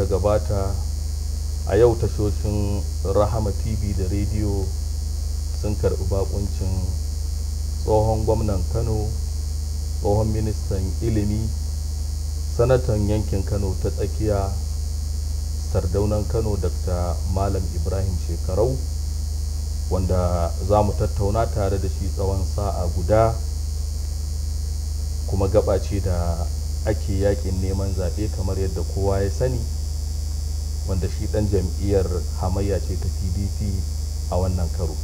ta gabata a yau tashoshin rahama tv da rediyo sun karɓi bakuncin tsohon gwamnan kano tsohon ministan ilimi sanatan yankin kano ta tsakiya sardaunan kano dr malam ibrahim shekarau wanda za mu tattauna tare da shi tsawon sa'a guda kuma gabace da ake yakin neman zaɓe kamar yadda kowa ya sani wanda shi dan jam'iyyar hamayya ce ta pdp a wannan karo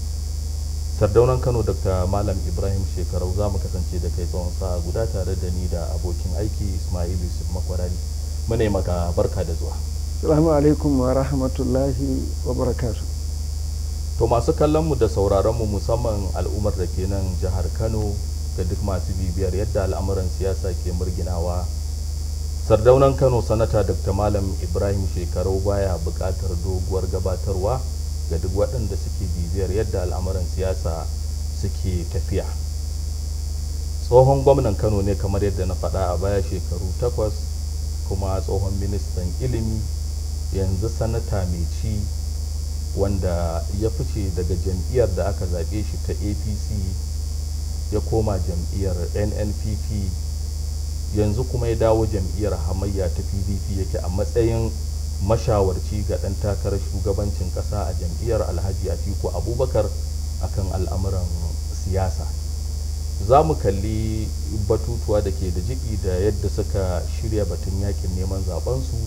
sardaunan kano dr malam ibrahim shekarau za mu kasance da kai tsawon sa'a guda tare da ni da abokin aiki ismail yusuf makwarari yi maka barka da zuwa salamu alaikum wa rahmatullahi wa barakatu to masu kallonmu da sauraronmu musamman al'ummar da ke nan jihar kano ga duk masu bibiyar yadda al'amuran siyasa ke murginawa sardaunan kano sanata dr malam ibrahim shekaru baya bukatar doguwar gabatarwa ga duk waɗanda suke bibiyar yadda al'amuran siyasa suke tafiya tsohon gwamnan kano ne kamar yadda na faɗa a baya shekaru takwas kuma tsohon ministan ilimi yanzu sanata mai ci wanda ya fice daga jam'iyyar da aka zaɓe shi ta apc ya koma jam'iyyar nnpp yanzu kuma ya dawo jam'iyyar hamayya ta pdp yake a matsayin mashawarci ga ɗan takarar shugabancin ƙasa a jam'iyyar alhaji atiku abubakar akan al'amuran siyasa za mu kalli batutuwa da ke da jiki da yadda suka shirya batun yakin neman zabensu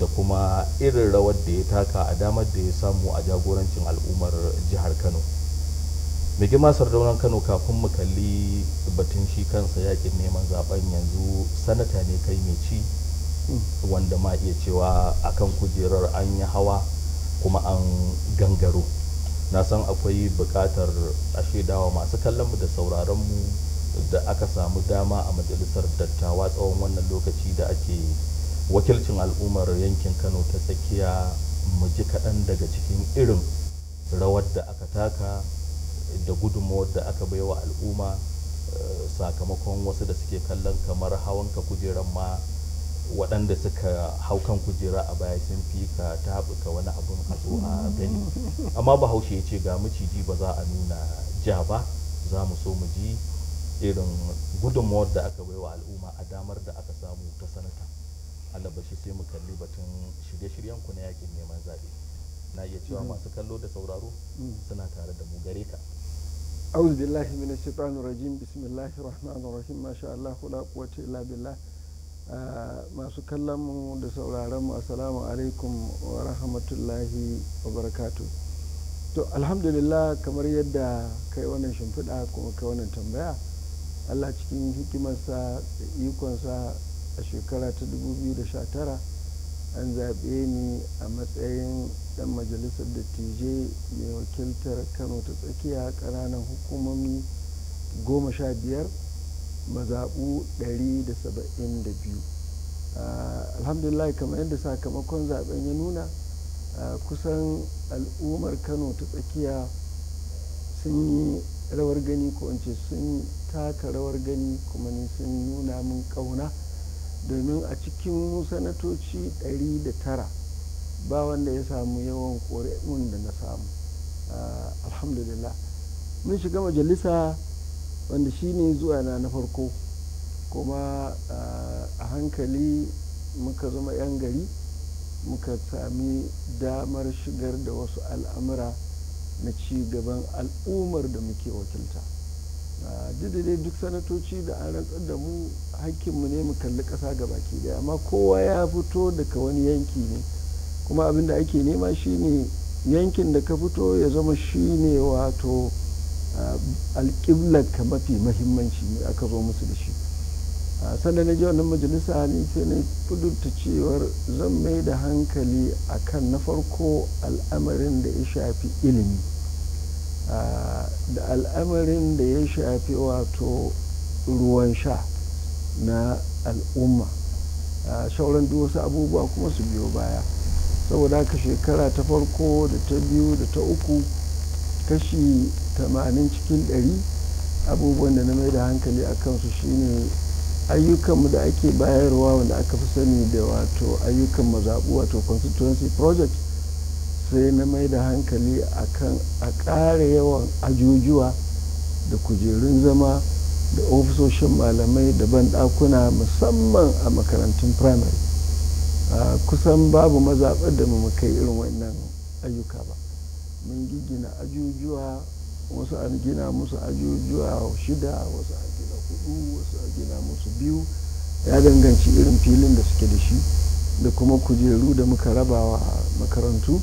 da kuma irin rawar da ya taka a damar da ya samu a jagorancin al'ummar jihar kano mai gima sardaunan kano kafin mu kalli batun shi kansa yakin neman zaben yanzu sanata ne kai mai ci wanda ma iya cewa akan kujerar an yi hawa kuma an gangaro na san akwai bukatar a shaidawa masu kallonmu da sauraronmu da aka samu dama a majalisar dattawa tsawon wannan lokaci da ake wakilcin al'ummar yankin kano ta tsakiya mu ji kaɗan daga cikin irin rawar da aka taka da gudunmawar da aka baiwa al'umma eh, sakamakon wasu da suke kallon kamar hawanka kujerar ma waɗanda suka hau kan kujera a baya sun fi ka taɓuka wani abin hatsu a gani amma bahaushe ya ce ga maciji ba za a nuna ja ba za mu so mu ji irin gudunmawar da aka baiwa al'umma a damar da aka samu ta sanata alabashi sai mu kalli batun shirye-shiryen ku na yakin neman zaɓe na iya cewa mm. masu kallo da sauraro mm. suna tare da mu gare ka أعوذ بالله من الشيطان الرجيم بسم الله الرحمن الرحيم ما شاء الله لا قوة إلا بالله masu kallon mu da sauraron mu asalamu alaikum wa rahmatullahi wa barakatu to kamar yadda kai wannan shimfiɗa kuma kai wannan tambaya allah cikin hikimarsa da ikonsa a shekara ta tara. an zaɓe ni a matsayin ɗan majalisar dattijai mai wakiltar kano ta tsakiya ƙananan hukumomi goma sha biyar mazaɓu da da saba'in 172 alhamdulillah kamar yadda sakamakon zaɓen ya nuna kusan al'ummar kano ta tsakiya sun yi rawar gani ko in ce sun taka rawar gani kuma ni sun nuna min ƙauna domin a cikin sanatoci 109 ba wanda ya samu yawan ƙoramin da na samu ah, alhamdulillah mun shiga majalisa wanda shi ne zuwa na na farko kuma ah, a hankali muka zama 'yan gari muka sami damar shigar da wasu al'amura na ci gaban al'ummar da muke wakilta. dai duk sanatoci da an rantsar da mu hakkinmu ne mu kalli ƙasa ga baki daya amma kowa ya fito daga wani yanki ne kuma abin da ake nema shine yankin da ka fito ya zama shine wato alƙiblar ka mafi mahimmanci ne aka zo musu da shi sannan na ji wannan majalisa ne sai na kudurta cewar zan mai da hankali akan na farko al'amarin da ya shafi ilimi da al'amarin da ya shafi wato ruwan sha na al'umma sauran duk wasu abubuwa kuma su biyo baya saboda haka shekara ta farko da ta biyu da ta uku kashi tamanin cikin 100 abubuwan da na mai da hankali a kansu shine ayyukanmu da ake bayarwa wanda aka fi sani da wato ayyukan mazaɓu wato constituency project sai na mai da hankali akan a ƙara yawan ajujuwa da kujerun zama da ofisoshin malamai da banɗakuna musamman a makarantun firamare kusan babu mazaɓar da mu kai irin wannan ayyuka ba mun gina ajujuwa wasu an gina musu ajujuwa shida wasu an gina hudu wasu an gina musu biyu ya danganci irin filin da suke da shi da kuma kujeru da muka rabawa makarantu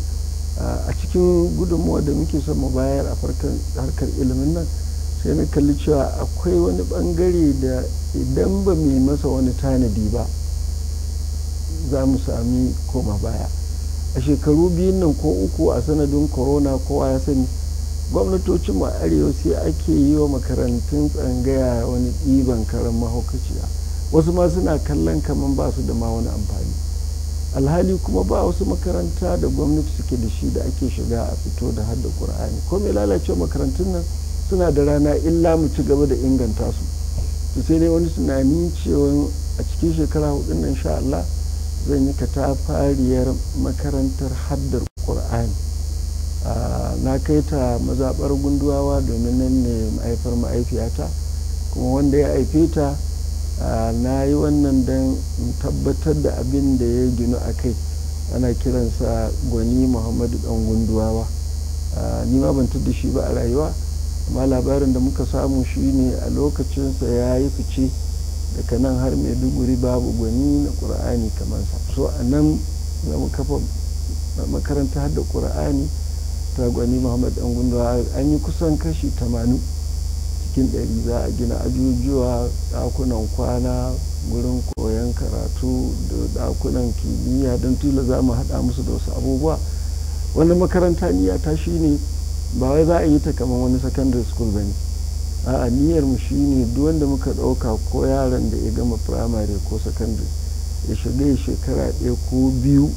a cikin gudunmuwa da muke son mu bayar a farkon harkar ilimin nan sai na kalli cewa akwai wani bangare da idan ba mu masa wani tanadi ba za mu sami koma baya a shekaru biyun nan ko uku a sanadin corona kowa ya sani gwamnatocin mu arewa sai ake yi wa makarantun tsangaya wani ɗiban karan mahaukaciya wasu ma suna kallon kamar ba su da ma wani amfani alhali kuma ba wasu makaranta da gwamnati suke da shi da ake shiga a fito da haddar ƙur'ani ko mai lalace makarantun nan suna da rana illa mu ci gaba da inganta su to sai dai wani tunani cewa a cikin shekara hudu nan sha Allah zan yi katafariyar makarantar haddar ƙur'ani na kai ta mazaɓar gunduwawa domin nan ne ma'aifar ma'aifiyata kuma wanda ya haife ta na yi wannan don tabbatar da abin da ya ginu a kai ana kiransa gwani muhammadu dan gunduwawa ni ma ban da shi ba a rayuwa amma labarin da muka samu shi ne a lokacinsa ya yi fice daga nan har maiduguri babu gwani na ƙura'ani kamar sa so a nan kafa makaranta da ƙura'ani ta gwani muhammadu dan gunduwawa an yi kusan kashi tamanin cikin ɗari za a gina ajujuwa ɗakunan kwana gurin koyon karatu da ɗakunan kimiyya don tula za mu haɗa musu da wasu abubuwa wani makaranta niyya ta shi ne ba wai za a yi ta kamar wani secondary school ba ne a niyyar mu shi ne duk wanda muka ɗauka ko yaron da ya gama primary ko secondary ya shiga ya shekara ɗaya ko biyu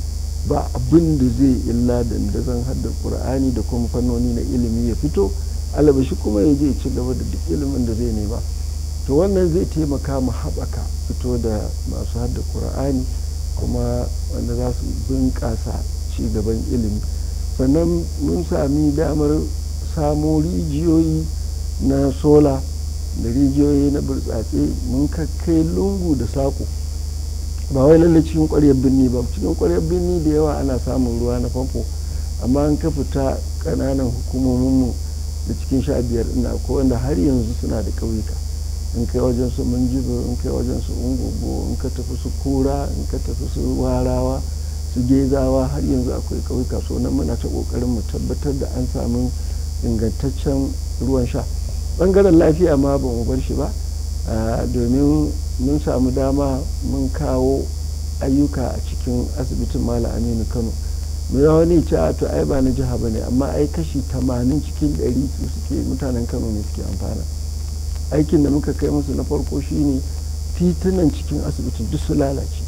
ba abin da zai illa da zan haddar ƙur'ani da kuma fannoni na ilimi ya fito shi kuma ya je ci gaba da duk ilimin da zai nema to wannan zai taimaka mu haɓaka fito da masu hadda ƙura'ani kuma wanda za su bunƙasa ci gaban ilimi sannan mun sami damar samo rijiyoyi na sola da rijiyoyi na burtsatse mun kakkai lungu da saƙo ba wai lalle cikin ƙwaryar birni ba cikin ƙwaryar birni da yawa ana samun ruwa na famfo amma an ka fita ƙananan mu. da cikin sha biyar ina ko wanda har yanzu suna da ƙauyuka in kai wajen su minjibir in kai wajen su ungogo in ka tafi su kura in ka tafi su warawa su gezawa har yanzu akwai ƙauyuka so nan muna ta ƙoƙarin mu tabbatar da an samu ingantaccen ruwan sha ɓangaren lafiya ma ba mu bar shi ba domin mun samu dama mun kawo ayyuka a cikin asibitin malam aminu kano nuna wani ce a to ai ba na jiha ba ne amma ai kashi tamanin cikin ɗari su suke mutanen kano ne suke amfana aikin da muka kai musu na farko shine titunan cikin asibiti duk su lalace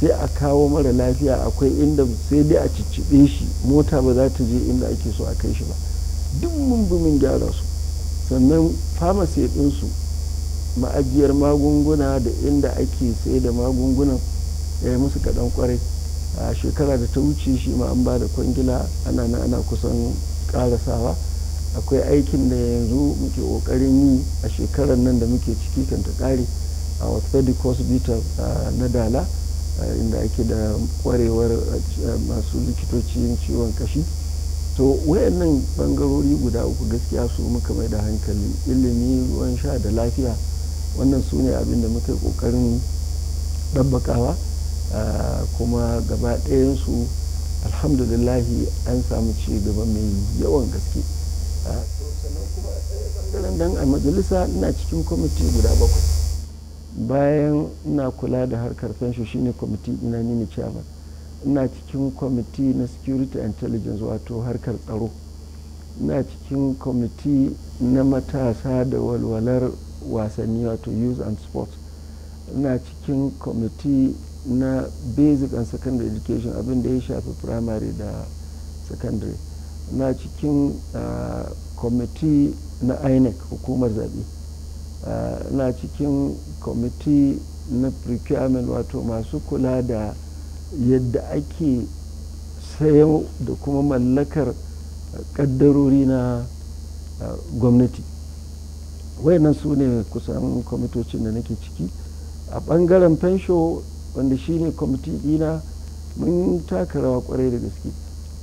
sai a kawo mara lafiya akwai inda sai dai a ciccibe shi mota ba za ta je inda ake so a kai shi ba duk mumbumin gyara su sannan famasi su ma'ajiyar magunguna da inda ake sai da magungunan ya yi musu kaɗan kwarai a shekara da ta wuce shi ma an ba da kwangila ana na ana kusan karasawa akwai aikin da yanzu muke kokarin yi a shekarar nan da muke ciki kan ta kare a orthopedic hospital na dala inda ake da kwarewar masu likitocin ciwon kashi to wayannan bangarori guda uku gaskiya su muka mai da hankali ilimi ruwan sha da lafiya wannan su ne abin da muka kokarin ɗabbakawa Ah, kuma gaba ɗayansu alhamdulillahi an samu ci gaba mai yawan gaske ah, sannan dan a majalisa ina cikin kwamiti guda bakwai bayan ina kula da harkar fensho shine kwamiti ina nini chairman ina cikin kwamiti na security intelligence wato harkar tsaro ina cikin kwamiti na matasa da walwalar wasanni wato youth and sports ina cikin kwamiti na basic and secondary education abin da ya shafi primary da secondary na cikin kwamiti ah, na inec hukumar zaɓe ah, na cikin kwamiti na procurement wato masu kula da yadda ake sayo da kuma mallakar kaddarori na ah, gwamnati wayannan su ne kusan kwamitocin da nake ciki a ɓangaren fensho wanda shine kwamiti dina mun taka rawa kwarai da gaske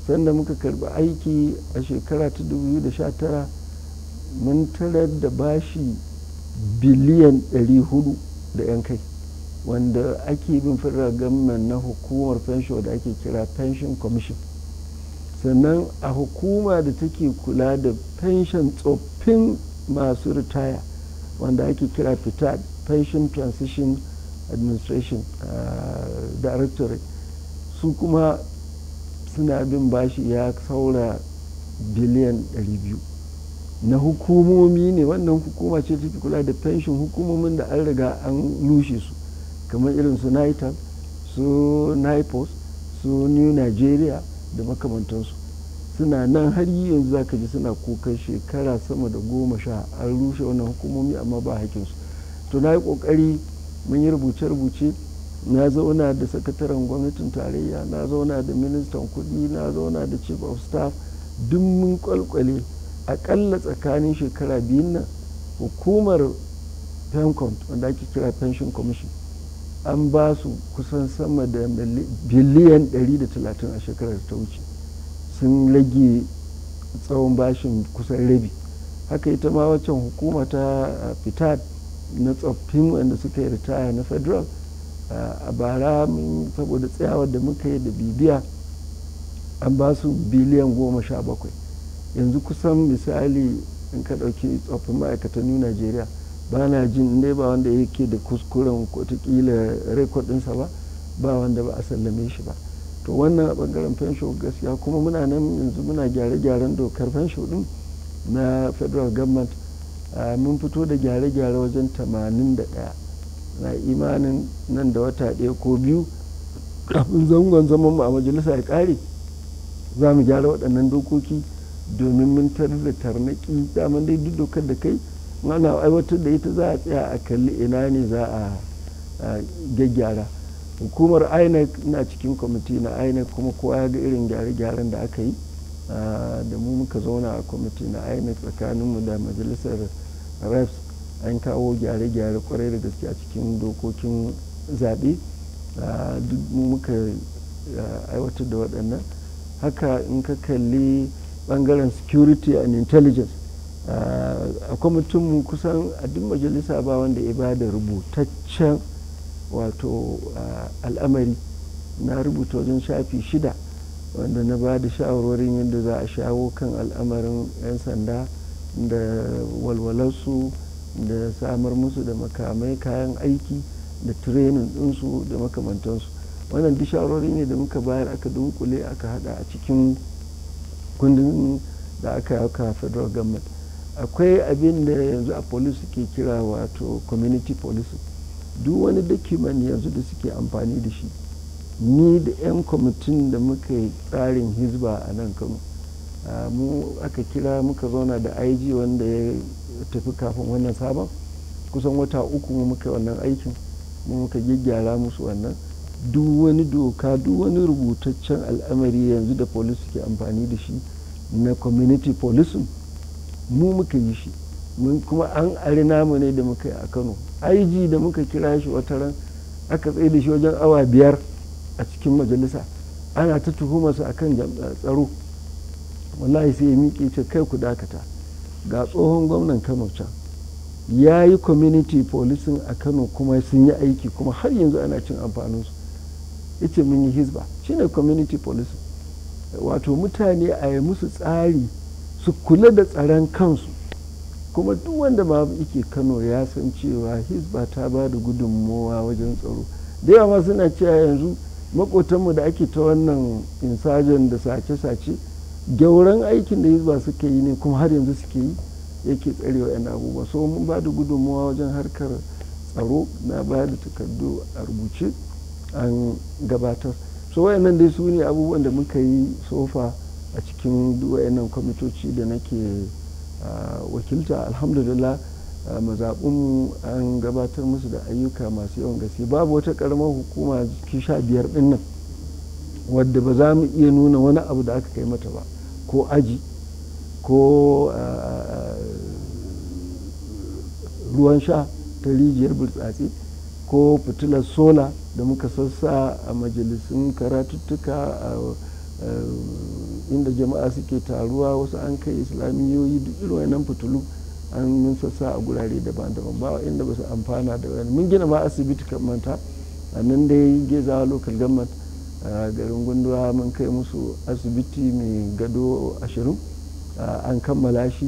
sannan muka karbi aiki a shekara ta 2019 mun tarar da bashi biliyan 400 da 'yan kai wanda ake bin fara gama na hukumar pension da ake kira pension commission sannan a hukuma da take kula da pension tsoffin masu ritaya wanda ake kira fita pension transition administration eh, directorate su kuma suna bin bashi ya saura biliyan 200 na hukumomi ne wannan hukuma ce take kula da pension hukumomin da an riga an lushe su kamar irin su nital su nipos su new nigeria da makamantansu suna nan har yi yanzu zaka ji suna kukan shekara sama da goma sha an rushe wannan hukumomi amma ba hakinsu to na yi kokari mun yi rubuce-rubuce na zauna da sakataren gwamnatin tarayya na zauna da ministan kudi na zauna da chief of staff duk mun kwalkwale akalla tsakanin shekara biyun nan hukumar pencom wanda ake kira pension commission an ba su kusan sama da biliyan 130 a shekarar ta wuce sun rage tsawon bashin kusan rabi haka ita ma waccan hukuma ta fitat na tsoffin wanda suka yi ritaya na federal a bara mun saboda tsayawar da muka yi da bibiya an ba su biliyan goma sha bakwai yanzu kusan misali in ka ɗauki tsoffin ma'aikatan new nigeria ba na jin dai ba wanda yake da kuskuren watakila rekodinsa ba ba wanda ba a sallame shi ba to wannan a bangaren fensho gaskiya kuma muna nan yanzu muna gyare-gyaren dokar fensho din na federal government mun fito da gyare-gyare wajen 81 na imanin nan da wata ɗaya ko biyu kafin zangon zaman mu a majalisa ya ƙare za mu gyara waɗannan dokoki domin mun tarar da tarnaki daman dai duk dokar da kai ana aiwatar da ita za a tsaya a kalli ina ne za a gyaggyara hukumar inec na cikin kwamiti na inec kuma kowa ya ga irin gyare-gyaren da aka yi da mu muka zauna a kwamiti na inec tsakaninmu da majalisar reps an kawo gyare-gyare kwarai da gaske a cikin dokokin zaɓe ah, duk mu muka ah, aiwatar da waɗannan haka in ka kalli ɓangaren security and intelligence ah, a kwamitinmu kusan a duk majalisa ba wanda ya ba da rubutaccen wato al'amari na rubuta wajen shafi shida wanda na ba da shawarwarin yadda za a shawo kan al'amarin 'yan sanda da walwalarsu da samar musu da makamai kayan aiki da tirenin ɗinsu da makamantansu wannan duk shawarwari ne da muka bayar aka dunkule aka hada a cikin kundin da aka yaka federal government akwai abin da yanzu a police suke kira wato community police duk wani document yanzu da suke amfani da shi ni da 'yan kwamitin da muka yi tsarin hizba a nan kano mu aka kira muka zauna da ig wanda ya tafi kafin wannan sabon kusan wata uku mu muka wannan aikin mu muka gyaggyara musu wannan duk wani doka duk wani rubutaccen al'amari yanzu da police ke amfani da shi na community policing mu muka yi shi mun kuma an ari namu ne da muka yi a kano ig da muka kira shi wata ran aka tsaye da shi wajen awa biyar a cikin majalisa ana ta tuhumarsa a kan tsaro wallahi sai ya miƙe ce kai ku dakata ga tsohon gwamnan kano can ya yi community policing a kano kuma sun yi aiki kuma har yanzu ana cin amfaninsu ya ce mun yi hizba ne community policing wato mutane a yi musu tsari su kula da tsaron kansu kuma duk wanda ma yake kano ya san cewa hisba ta ba da gudunmowa wajen tsaro da yawa suna cewa yanzu makotanmu da ake ta wannan insajen da sace-sace gyauran aikin da hizba suka yi ne kuma har yanzu suke yi yake tsarewa yan abubuwa so mun ba da gudunmuwa wajen harkar tsaro na ba da takardu a rubuce an gabatar so wayannan dai su ne abubuwan da muka yi sofa a cikin wayannan kwamitoci da nake ah, wakilta alhamdulillah mazaɓinmu an gabatar musu da ayyuka masu yawan gaske babu wata ƙaramar hukuma sha biyar ɗin nan wadda ba za mu iya nuna wani abu da aka kai mata ba ko aji ko ruwan sha ta rijiyar burtsatse ko fitilar sola da muka sassa a majalisun karatuttuka a inda jama'a suke taruwa wasu an kai islamiyoyi duk irin nan fitilu an mun sassa a gurare daban-daban ba inda ba su amfana da wani mun gina ma asibiti manta a nan dai geza local government a garin gunduwa mun kai musu asibiti mai gado ashirin an kammala shi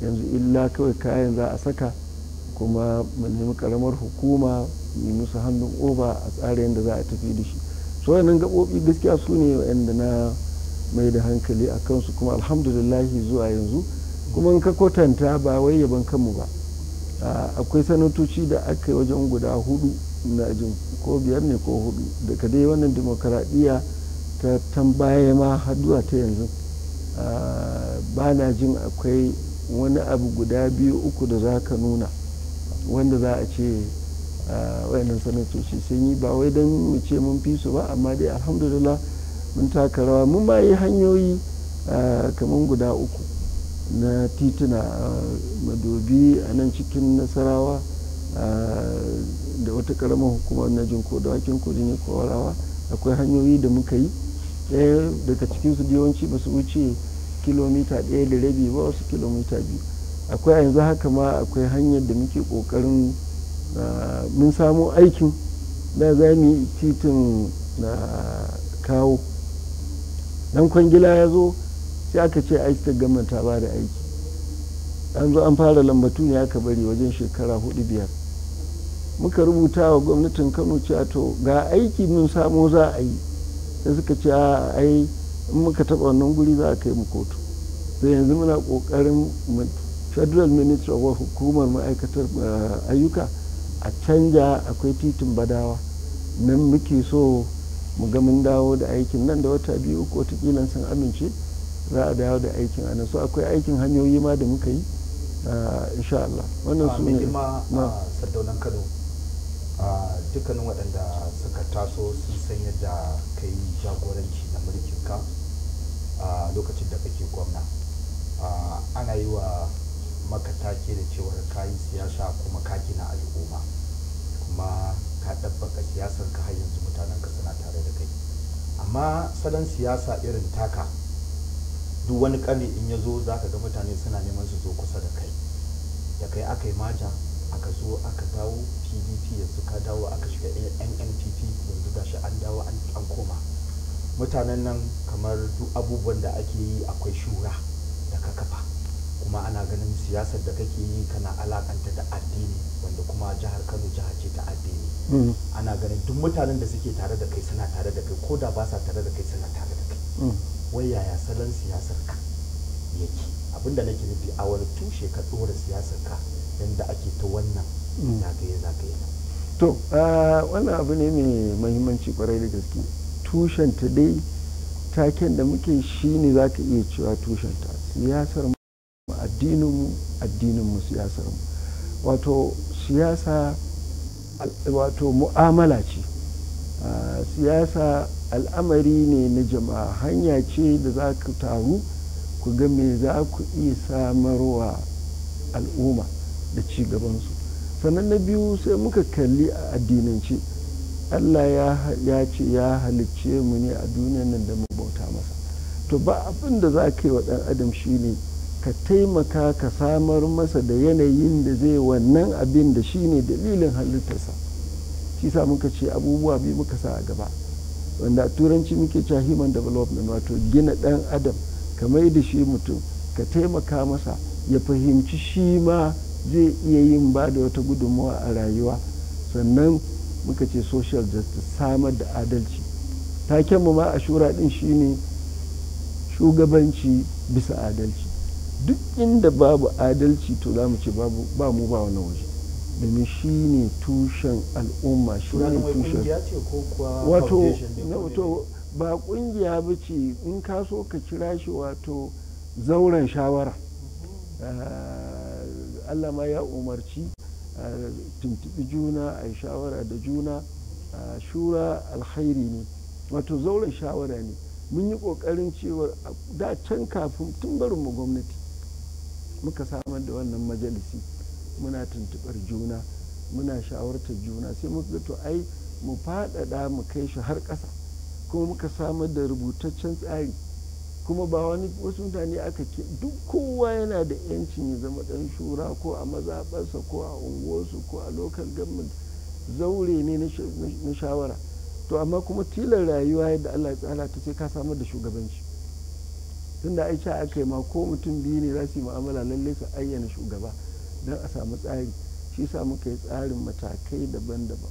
yanzu illa kawai kayan za a saka kuma mu nemi karamar hukuma yi musu hannun oba a tsarin da za a tafi da shi so wannan gaɓoɓi gaskiya su ne yadda na mai da hankali a kansu kuma alhamdulillahi zuwa yanzu kuma ka kwatanta ba wai yaban kanmu ba akwai sanatoci da aka yi wajen guda hudu na jin ko biyar ne ko hudu daga dai wannan demokaradiyya ta tambaya ma haduwa ta yanzu ba na jin akwai wani abu guda biyu uku da za ka nuna wanda za a ce wayannan sanatoci sun yi ba wai don mu ce mun fi su ba amma dai alhamdulillah mun taka rawa mun ma yi hanyoyi kamar guda uku na tituna a uh, madobi a nan cikin nasarawa uh, da wata karamar hukumar na jinko da wakin kudin ya kowarawa akwai hanyoyi da muka yi ɗaya daga cikinsu yawanci ba su wuce kilomita ɗaya da rabi ba wasu kilomita biyu akwai yanzu haka ma akwai hanyar da muke ƙoƙarin uh, mun samo aikin da za mu yi titin na kawo dan kwangila ya zo sai aka ce aiki ta gama ta ba da aiki an zo an fara lambatu ne aka bari wajen shekara hudu biyar muka rubuta wa gwamnatin kano cewa to ga aiki mun samo za a yi sai suka ce ai in muka taba wannan guri za a kai mu kotu sai yanzu muna kokarin federal minister of hukumar ma'aikatar eh, ayyuka a canja akwai titin badawa nan muke so mu ga mun dawo da aikin nan da wata biyu ko wataƙila sun amince za a dawo da aikin ana so akwai aikin hanyoyi ma da muka yi ah, insha Allah wannan su ne ah, sardaunan Kano ah, dukkanin waɗanda suka taso sun san yadda ka yi jagoranci na mulkin ka a lokacin da kake gwamna ana yi wa maka take da cewar ka yi siyasa kuma ka gina al'umma kuma ka ɗabbaka siyasar ka har yanzu mutanen ka suna tare da kai amma salon siyasa irin taka duk wani kari in ya zo za ka ga mutane suna neman su zo kusa da kai da kai aka yi mata aka zo aka dawo pdp yanzu ka dawo aka shiga nnpp yanzu shi an dawo an koma mutanen nan kamar duk abubuwan da ake yi akwai shura da ka kafa kuma ana ganin siyasar da kake yi kana alakanta da addini wanda kuma jihar kano jiha ce ta addini mm. ana ganin duk mutanen da suke tare da kai suna tare da kai ko da ba sa tare da kai suna tare da kai mm. wai yaya salon siyasar ka yake abinda nake nufi a wani tushe ka siyasar ka yadda ake ta wannan mm. zagaye zagaye to wannan abu ne mai mahimmanci kwarai da gaske tushen ta dai taken da muke shi ne za ka iya cewa tushen ta siyasar mu addininmu addininmu siyasar mu wato siyasa wato mu'amala ce siyasa al'amari ne na jama'a hanya ce da za ku taru ku ga me za ku iya samarwa al'umma da cigabansu sannan na biyu sai muka kalli a addinance allah ya ce ya halicce mu ne a duniyan nan da mu bauta masa to ba abin da za ka yi wa ɗan adam shine ka taimaka ka samar masa da yanayin da zai wannan abin da shi ne dalilin halittarsa shi sa muka ce abubuwa biyu muka sa a gaba wanda a turanci muke cewa human development wato gina dan adam ka mai da shi mutum ka taimaka masa ya fahimci shi ma zai iya yin ba da wata gudunmawa a rayuwa sannan muka ce social justice samar da adalci takenmu ma a shura din shine shugabanci bisa adalci duk inda babu adalci to za mu ce ba mu ba wani waje domin shi ne tushen al'umma shi ne tushen wato ba kungiya ba ce in ka so ka kira shi wato zauren shawara ah, allah ma ya umarci tuntubi juna a shawara da juna ah, shura alkhairi ne wato zauren shawara ne mun yi kokarin cewa da can kafin tun barinmu gwamnati muka samar da wannan majalisi muna tuntuɓar juna muna shawartar juna sai muka to ai mu faɗaɗa mu kai shi har ƙasa kuma muka samar da rubutaccen tsari kuma ba wani wasu mutane aka ke duk kowa yana da yancin ya zama ɗan shura ko a mazaɓarsa ko a unguwarsu ko a local government zaure ne na shawara to amma kuma tilar rayuwa yadda Allah ya tsara ta sai ka samar da shugabanci tunda aisha aka yi ma ko mutum biyu ne za su yi mu'amala lallai su ayyana shugaba don a samu tsari shi sa muka yi tsarin matakai daban-daban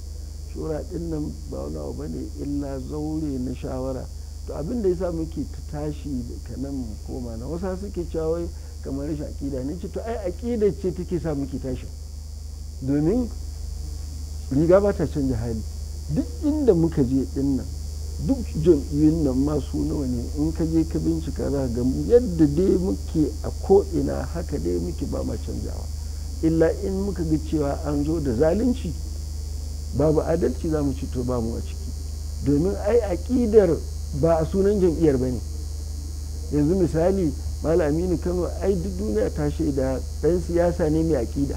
shura din nan ba wani abu bane illa zaure na shawara to abin da yasa muke ta tashi da kanan mu koma na wasu suke cewa kamar rashin akida ne ce to ai akida ce take sa muke tashi domin riga ba ta canja hali duk inda muka je din nan duk jam'iyyun nan masu nawa ne in ka je ka bincika za ga yadda dai muke a ko ina haka dai muke ba ma canjawa illa in muka ga cewa an zo da zalunci babu adalci za mu ci to ba mu a ciki domin ai aƙidar ba a sunan jam'iyyar ba ne yanzu misali malaminu kano ai duk duniya ta shaida ɗan siyasa ne mai aƙida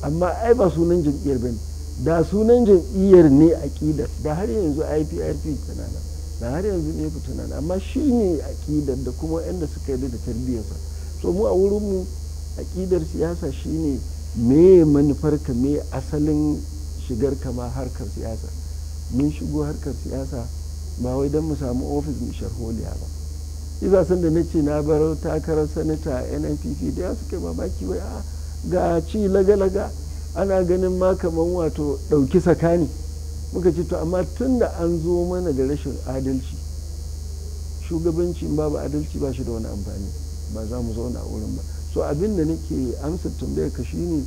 amma ai ba sunan jam'iyyar ba ne da sunan jam'iyyar ne aƙidar da har yanzu iprp tana da har yanzu ne tunana amma shi ne aƙidar da kuma yadda suka yi da tarbiyyarsa so mu a wurinmu aƙidar siyasa shine me manufarka me asalin shigar ma harkar siyasa mun shigo harkar siyasa ba wai don mu samu ofis mu sharholiya ba iza san da na ce na bar takarar sanata nnpp da ya suka mamaki wai a ah, ga ci laga-laga ana ganin ma kamar wato ɗauki sakani muka ce to amma tun da an zo mana da rashin adalci shugabanci babu adalci ba shi da wani amfani ba za mu zauna a wurin ba so abin da nake amsa tambayar ka shine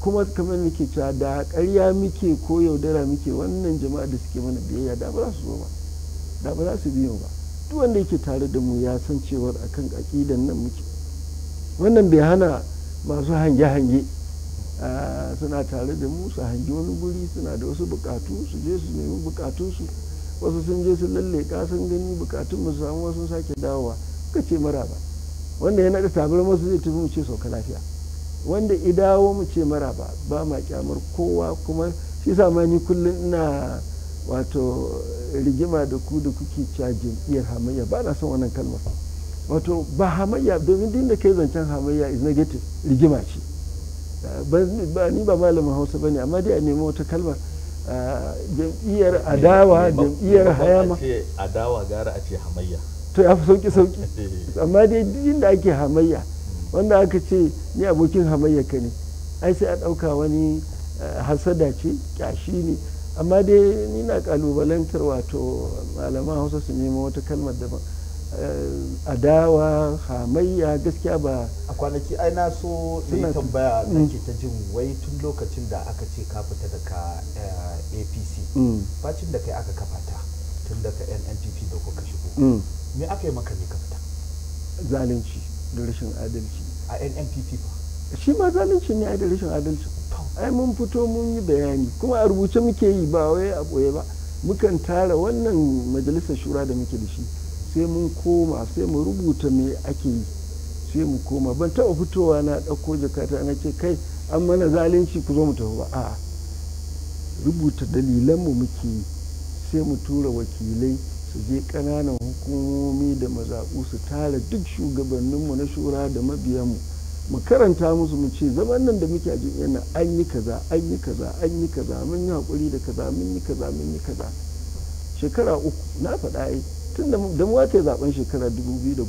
kuma kamar nake cewa da karya muke ko yaudara muke wannan jama'a da suke mana biyayya da ba za su zo ba da ba za su biyo ba duk wanda yake tare da mu ya san cewar akan aƙidan nan muke wannan bai hana masu hange-hange suna tare da mu su hangi wani guri suna da wasu bukatu su je su nemi bukatunsu wasu sun je su lalle kasan gani bukatun mu samu wasu sake dawowa kace maraba wanda ya naɗa tabar masu zai tafi mu ce sauka lafiya wanda idawo mu ce mara ba ba ma kyamar kowa kuma shi sa ni kullum ina wato rigima da ku da kuke cewa jam'iyyar hamayya ba na son wannan kalmar wato ba hamayya domin din da kai zancen hamayya is negative rigima ce ba ni ba malamin hausa ba ne amma dai a nemi wata kalmar ah, jam'iyyar adawa jam'iyyar hayama adawa gara a ce hamayya to ya fi sauki sauki eh. amma dai duk inda ake hamayya wanda aka ce ni abokin hamayya ka ne ai sai a ɗauka wani eh, hasada ce kyashi ne amma dai ni na kalubalantar wato malaman hausa su nemo wata kalmar daban eh, adawa hamayya gaskiya ba a kwanaki ai na so na yi tambaya nake mm. ta jin wai tun lokacin da aka ce ka fita daga apc mm. bacin da kai aka kafa ta tun daga nnpp da kuka shigo mm. me aka yi maka ne ka fita zalunci da rashin adalci a nnpp ba shi ma zalunci ne da rashin adalci ai mun fito mun yi bayani kuma a rubuce muke yi ba wai a ɓoye ba mukan tara wannan majalisar shura da muke da shi sai mun koma sai mu rubuta me ake yi sai mu koma ban taɓa fitowa na ɗauko jakata na ce kai an mana zalunci ku zo mu tafi ba a'a rubuta dalilanmu muke sai mu tura wakilai su je kananan hukumomi da mazaƙu su tara duk shugabanninmu na shura da mabiyanmu mu karanta musu mu ce zaman nan da muke a yana an yi kaza an yi kaza an yi kaza mun yi haƙuri da kaza mun yi kaza mun yi kaza shekara uku na faɗa ai tun da mu aka yi zaben shekara 2019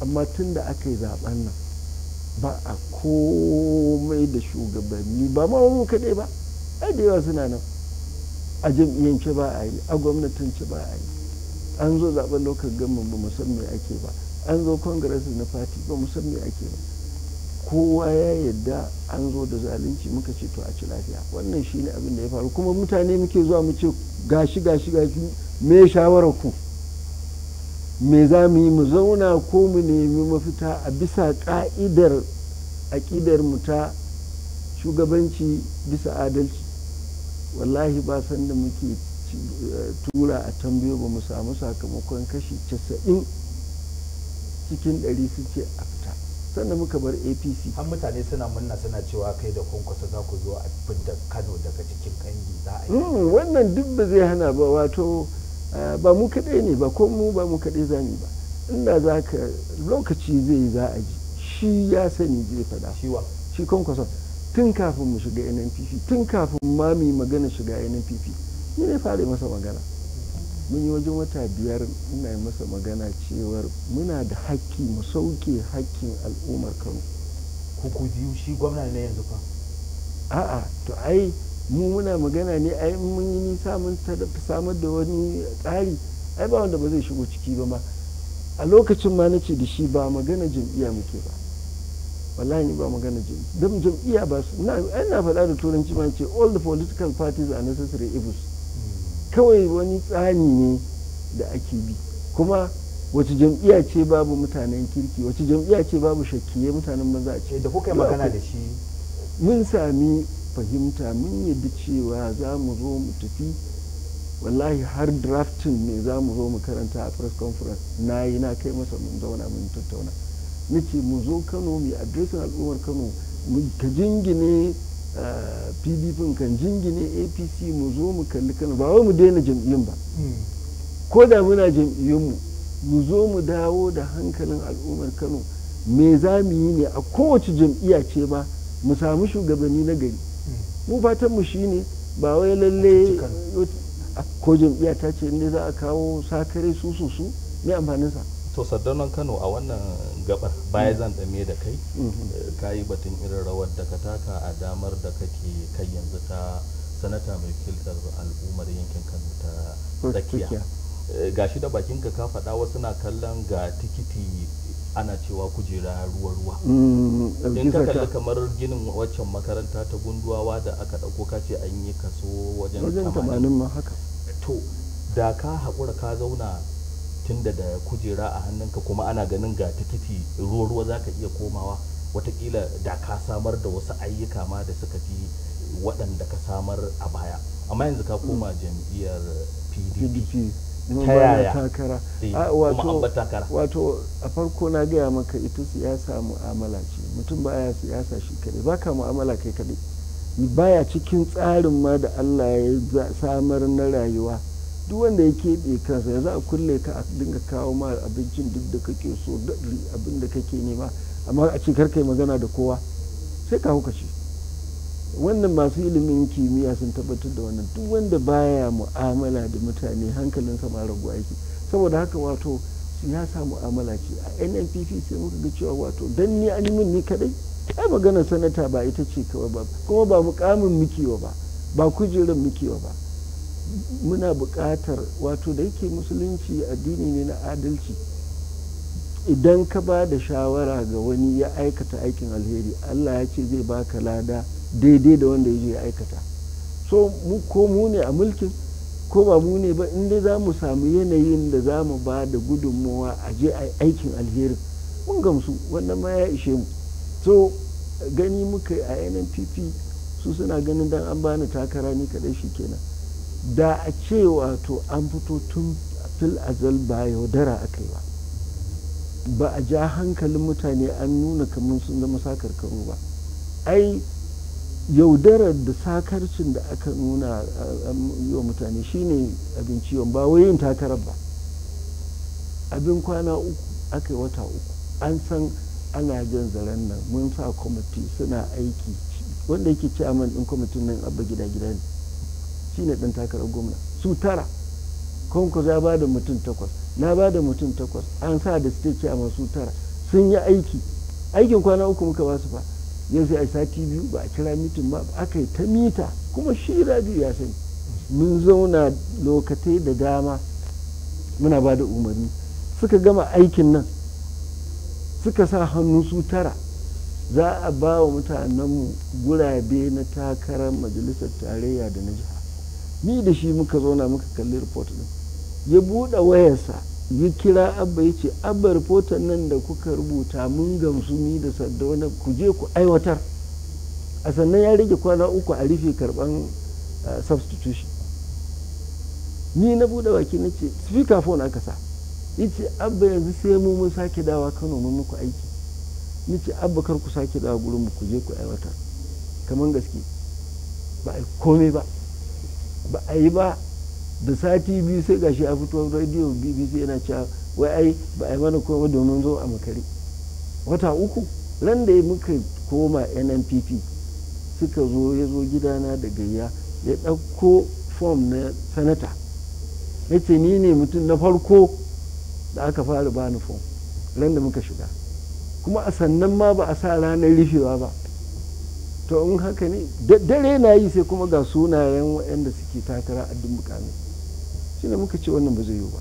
amma tun da aka yi zaben nan ba a komai da shugabanni ba ma mu kaɗai ba ai da yawa suna nan a jam'iyyance ba a yi a gwamnatance ba a yi an zo zaɓen lokacin gamman ba mu san me ake ba an zo congress na fati ba mu san me ake ba kowa ya yadda an zo da zalunci muka ce to a ci lafiya wannan shi ne abin da ya faru kuma mutane muke zuwa mu ce gashi gashi gashi me shawarar ku me za mu yi mu zauna ko mu nemi mafita a bisa ka'idar aƙidar mu ta shugabanci bisa adalci wallahi ba san da muke eh, tura a tambayo ba mu samu sakamakon kashi 90 cikin 100 sun ce a fita sannan muka bar apc an mutane suna munna suna cewa kai da kwankwasa za ku zo a da kano daga cikin kangi za a yi hmm, wannan duk ba zai hana ba wato eh, ba mu kaɗai ne ba ko mu ba mu kaɗai za mu ba inda za ka lokaci zai za a ji shi ya sani zai faɗa shi kwankwasa tun kafin mu shiga nnpp tun kafin ma mu magana shiga nnpp ni ne fara masa magana mun yi wajen wata biyar ina masa magana cewar muna da haƙƙi mu sauke haƙƙin al'ummar kano ku biyu shi gwamna ne yanzu fa a'a to ai mu muna magana ne ai mun yi nisa mun samar da wani tsari ai ba wanda ba zai shigo ciki ba ma a lokacin ma na ce da shi ba magana jam'iyya muke ba wallahi ni ba magana jin don jam'iyya ba su na ina faɗa da turanci ma ce all the political parties are necessary evils kawai wani tsani ne da ake bi kuma wace jam'iyya ce babu mutanen kirki wace jam'iyya ce babu shakkiye mutanen maza a ce da kuka magana da shi mun sami fahimta mun yadda cewa za mu zo mu tafi wallahi har draftin ne za mu zo mu karanta a press conference na yi na kai masa mun zauna mun tattauna na ce mu zo kano mai adresin al'ummar kano ka jingine eh, pdp kan jingine apc mu zo mu kalli kano ba wai mu daina jam'iyyun ba hmm. ko da muna jam'iyyun mu zo mu dawo da hankalin al'ummar kano me za mu yi ne a kowace jam'iyya ce ba mu samu shugabanni na gari hmm. mu fatan mu shi ne ba wai lalle ko jam'iyya ta ce ne za a kawo sakare su su su ne amfaninsa to sardaunan kano a wannan gabar baya mm. zan dame da kai mm-hmm. eh, ka yi batun irin rawar da ka taka a damar da kake kai yanzu ta sanata mai filtar al'ummar yankin kano ta mm, tsakiya eh, ga shi da bakinka ka faɗa wasu na kallon ga tikiti ana cewa kujera ruwa-ruwa mm, in ka kalli kamar ginin waccan makaranta ta gunduwawa da aka ɗauko ka ce an yi kaso wajen haka. to da ka haƙura ka zauna tunda da kujera a hannunka kuma ana ganin ga tikiti ruwa-ruwa za ka iya komawa watakila da ka samar da wasu ayyuka ma da suka fi waɗanda ka samar a baya amma yanzu ka koma mm. jam'iyyar pdp ta yaya eh, ah, wato a farko na gaya maka ita siyasa mu'amala ce mutum baya siyasa shi kaɗai baka mu'amala kai kaɗai baya cikin tsarin ma da allah ya samar na rayuwa duk wanda ya keɓe kansa za a kulle ka a dinga kawo ma abincin duk da kake so daɗi abin da kake nema amma a ce yi magana da kowa sai ka hukace wannan masu ilimin kimiyya sun tabbatar da wannan duk wanda baya mu'amala da mutane hankalinsa ma raguwa ke saboda haka wato siyasa mu'amala ce a nnpp sai muka ga cewa wato dan ni an yi min ni kadai ai maganar sanata ba ita ce kawai ba kuma ba mukamin mukewa ba ba kujerar mukewa ba muna buƙatar wato da yake musulunci addini ne na adalci idan ka ba da shawara ga wani ya aikata aikin alheri allah ya ce zai baka lada daidai da wanda ya je ya aikata so mu ko mu ne a mulkin ko ba mu ne ba in dai za mu samu yanayin da za mu ba da gudunmowa a je aikin alheri mun gamsu wannan ma ya ishe mu so gani muka yi a nnpp su suna ganin dan an bani takara ni kadai kenan da a ce wato an fito tun fil azal ba yaudara a kai ba ba a ja hankalin mutane an nuna kamar sun zama sakar kanu ba ai yaudarar da sakarcin da aka nuna wa mutane shine abin ciwon ba wai takarar ba abin kwana uku aka yi wata uku an san ana jan zaren nan mun sa kwamiti suna aiki wanda yake ciyaman din kwamitin nan abba gida gida ne shine dan takarar gwamna su tara kwankwas ya ba da mutum takwas na ba da mutum takwas an sa da state ce a masu tara sun yi aiki aikin kwana uku muka ba su fa yau sai a sati biyu ba a kira mitin ba aka yi ta mita kuma shi biyu ya sani mun zauna lokatai da dama muna ba da umarni suka gama aikin nan suka sa hannu su tara za a ba wa mutanenmu gurabe na takarar majalisar tarayya da na jiha ni da shi muka zauna muka kalli report din ya buɗe wayarsa ya kira abba ya ce abba reporter nan da kuka rubuta mun gamsu ni da saddauna ku je ku aiwatar a sannan ya rage kwana uku a rufe karban substitution ni na buɗe baki na ce speaker phone aka sa yace abba yanzu sai mu mun sake dawa kano mun muku aiki ce abba kar ku sake dawa gurin mu ku je ku aiwatar kamar gaske ba a komai ba ba a yi ba da sati biyu sai gashi a fito radio bbc yana cewa wai ai ba a yi mana kowa domin zo a makare wata uku ran da muka koma nnpp suka zo ya zo gidana da gayya ya ɗauko fom na sanata ya ce ni ne mutum na farko da aka fara bani fom ran da muka shiga kuma a sannan ma ba a sa ranar rufewa ba to in haka ne dare na yi sai kuma ga sunayen waɗanda suke takara a duk mukamin shi ne muka ce wannan ba zai yi ba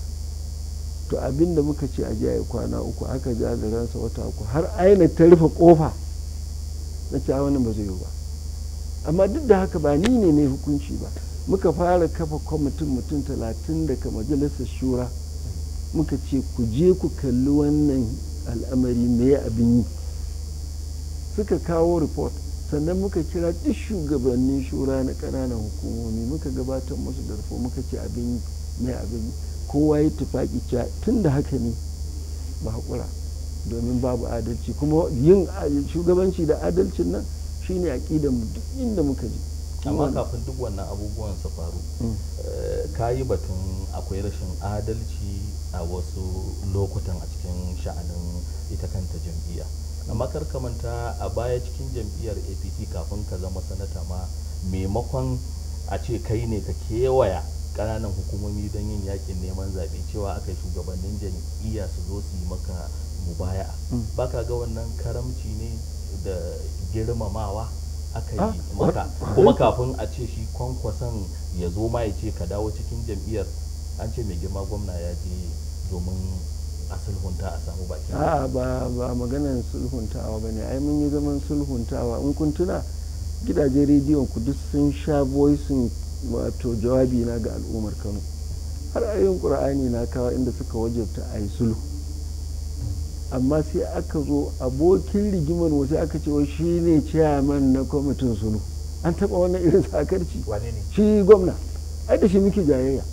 to abin da muka ce a ji ya kwana uku aka ja da ransa wata uku har aina ta rufe kofa na ce wannan ba zai yi ba amma duk da haka ba ni ne ne hukunci ba muka fara kafa kwamitin mutum talatin daga majalisar shura muka ce ku je ku kalli wannan al'amari mai abin yi suka kawo report sannan muka kira duk shugabannin shura na ƙananan hukumomi muka gabatar musu da rufo muka ce abin mai abin kowa ya tufaƙi cewa tun da haka ne ba haƙura domin babu adalci kuma yin shugabanci da adalcin nan shine aƙidan mu duk inda muka je amma kafin duk wannan abubuwan su faru mm. eh, ka yi batun akwai rashin adalci a wasu lokutan a cikin sha'anin ita kanta jam'iyya amma kar ka manta a baya cikin jam'iyyar APC kafin ka zama sanata ma maimakon a ce kai ne ka kewaya ƙananan hukumomi don yin yakin neman zaɓe cewa aka yi shugabannin jam'iyya su zo su yi maka mubaya hmm. baka ga wannan karamci ne da girmamawa aka yi ah, maka kuma kafin a ce shi kwankwason ya zo ma ya ce ka dawo cikin jam'iyyar an ce mai girma gwamna ya je domin a sulhunta a samu baki a ba ba maganan sulhuntawa bane ai mun yi zaman sulhuntawa in kun tuna gidajen rediyon ku duk sun sha voicing wato jawabi na ga al'ummar Kano har ayoyin Qur'ani na kawo inda suka wajabta a yi sulhu amma sai aka zo abokin rigimar wasu aka ce shi ne ciyaman na kwamitin sulhu an taba wannan irin sakarci shi gwamna ai da shi muke jayayya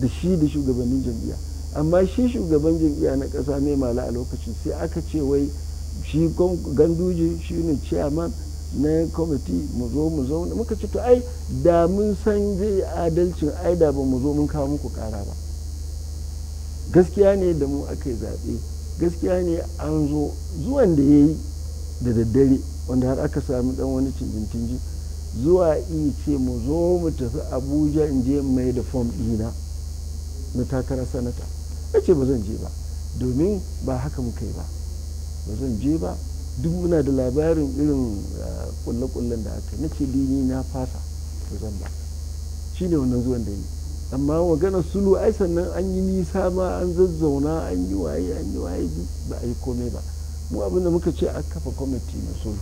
da shi da shugabannin jam'iyya amma shi shugaban jam'iyya na ƙasa mai mala a lokacin sai aka ce wai shi ganduji shi ne chairman na kwamiti mu zo mu da muka ce to ai da mun san zai adalcin ai da ba mu zo mun kawo muku kara ba gaskiya ne da mu aka yi zaɓe gaskiya ne an zo zuwan da ya yi da daddare wanda har aka sami dan wani cinjin zuwa iya ce mu zo mu tafi abuja in je mai da fom ɗina na takarar sanata ya ce ba zan je ba domin ba haka muka yi ba ba zan je ba duk muna da labarin irin kulle-kullen ah, da aka na ce dini na fasa ba zan ba shi ne wannan zuwan da yi amma magana sulu ai sannan an yi nisa ma an zazzauna an yi waye an yi waye ba a yi komai ba mu abinda muka ce a kafa kwamiti na sulu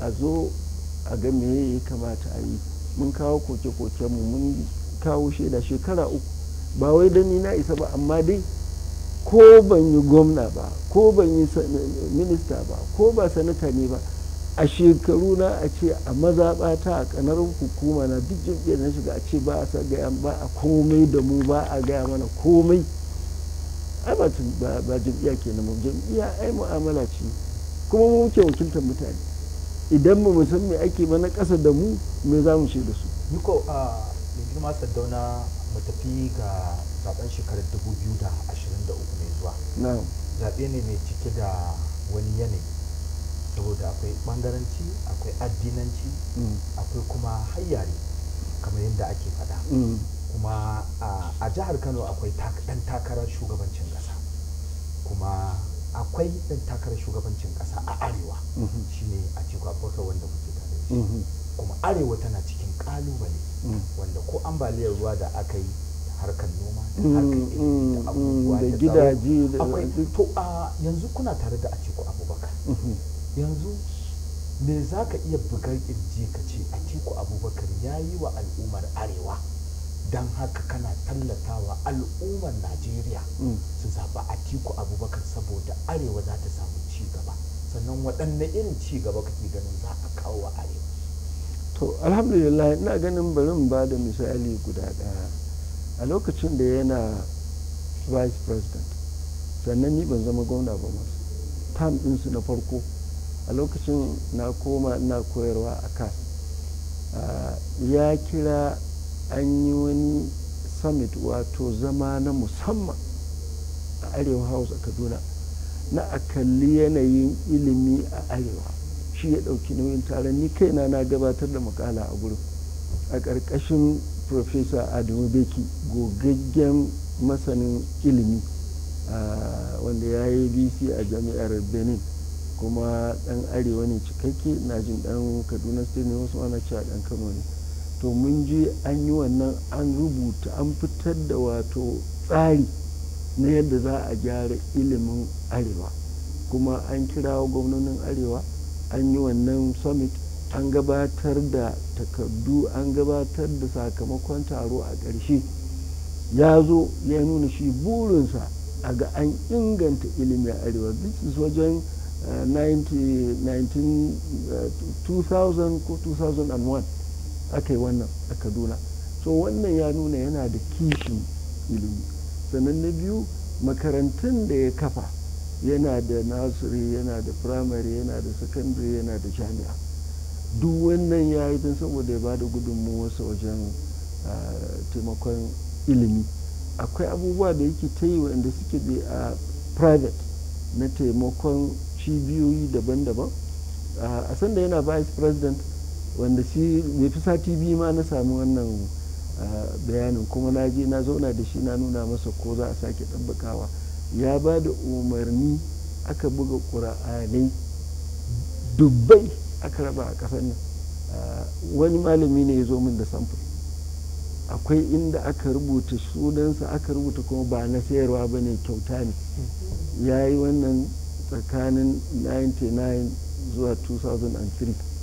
a zo a ga me ya kamata a yi mun kawo koke mu mun kawo shaida shekara uku ba wai don ni na isa ba amma dai ko ban yi gwamna ba ko ban yi minista ba ko ba sanata ne ba a shekaru na a ce a mazaɓa ta a kanar hukuma na duk jirgi na shiga a ce ba a sa gaya ba a komai da mu ba a gaya mana komai ai ba jam'iyya ke na mu jam'iyya ai mu'amala ce kuma mu muke wakiltar mutane idan mu san me ake mana ƙasa da mu me za mu ce da su a mu tafi ga zaben shekarar uku mai zuwa zaɓe ne mai cike da wani yanayi saboda akwai ɓangaranci akwai addinanci mm. akwai kuma hayyare kamar yadda ake faɗa mm. kuma a jihar kano akwai ɗan takarar shugabancin ƙasa kuma akwai ɗan takarar shugabancin ƙasa a arewa shine a cikin wanda muke tare da shi mm-hmm. kuma arewa tana cikin kalubale mm. wanda ko ambaliyar ruwa da aka yi harkar noma da mm, harkar mm, da abubuwa gidaje da akwai to a yanzu kuna tare da a ce abubakar mm-hmm. yanzu me za ka iya bugar kirji ka ce a teku abubakar ya yi wa al'ummar arewa don haka kana tallatawa al'ummar najeriya su zaba a teku abubakar saboda arewa za ta samu ci gaba sannan waɗanne irin ci gaba kake ganin za a kawo wa arewa to alhamdulillah ina ganin bari barin ba da misali guda daya a lokacin da yana vice president sannan ni ban zama gwamna ba masu tam ɗinsu na farko a lokacin na koma ina koyarwa a kas ya kira an yi wani summit wato zama na musamman a arewa house a kaduna na a kalli yanayin ilimi a arewa shi ya ɗauki nauyin taron ni kaina na gabatar da makala a gurin a ƙarƙashin profesa adamu beki gogaggen masanin ilimi wanda ya yi bc a jami'ar benin kuma ɗan arewa ne cikakke na jin ɗan kaduna state ne wasu ana cewa ɗan kano ne to mun je an yi wannan an rubuta an fitar da wato tsari na yadda za a gyara ilimin arewa kuma an kirawo gwamnonin arewa an yi wannan summit an gabatar da takardu an gabatar da sakamakon taro a ƙarshe ya zo ya nuna shi burinsa a ga an inganta ilimi a arewa this is wajen 2000 uh, uh, ko 2001 aka yi wannan a kaduna so wannan ya nuna yana da kishin ilimi sannan na biyu makarantun da ya kafa yana da nasiri yana da primary yana da secondary yana da jami'a duk wannan ya yi don saboda ya ba bada gudunmuwarsa wajen ah, taimakon ilimi akwai abubuwa da yake ta yi wanda suke a private na taimakon cibiyoyi daban-daban ah, a sanda yana vice president wanda shi mai fi sati biyu ma na sami wannan ah, bayanin kuma na je na zauna da shi na nuna masa ko za a sake ɗabbakawa ya ba da umarni aka buga ƙura'anai dubbai aka raba a ƙasar nan wani malami ne ya zo min da samfur akwai inda aka rubuta sunansa aka rubuta kuma ba na sayarwa ba ne kyauta ne ya yi wannan tsakanin 99 zuwa 2003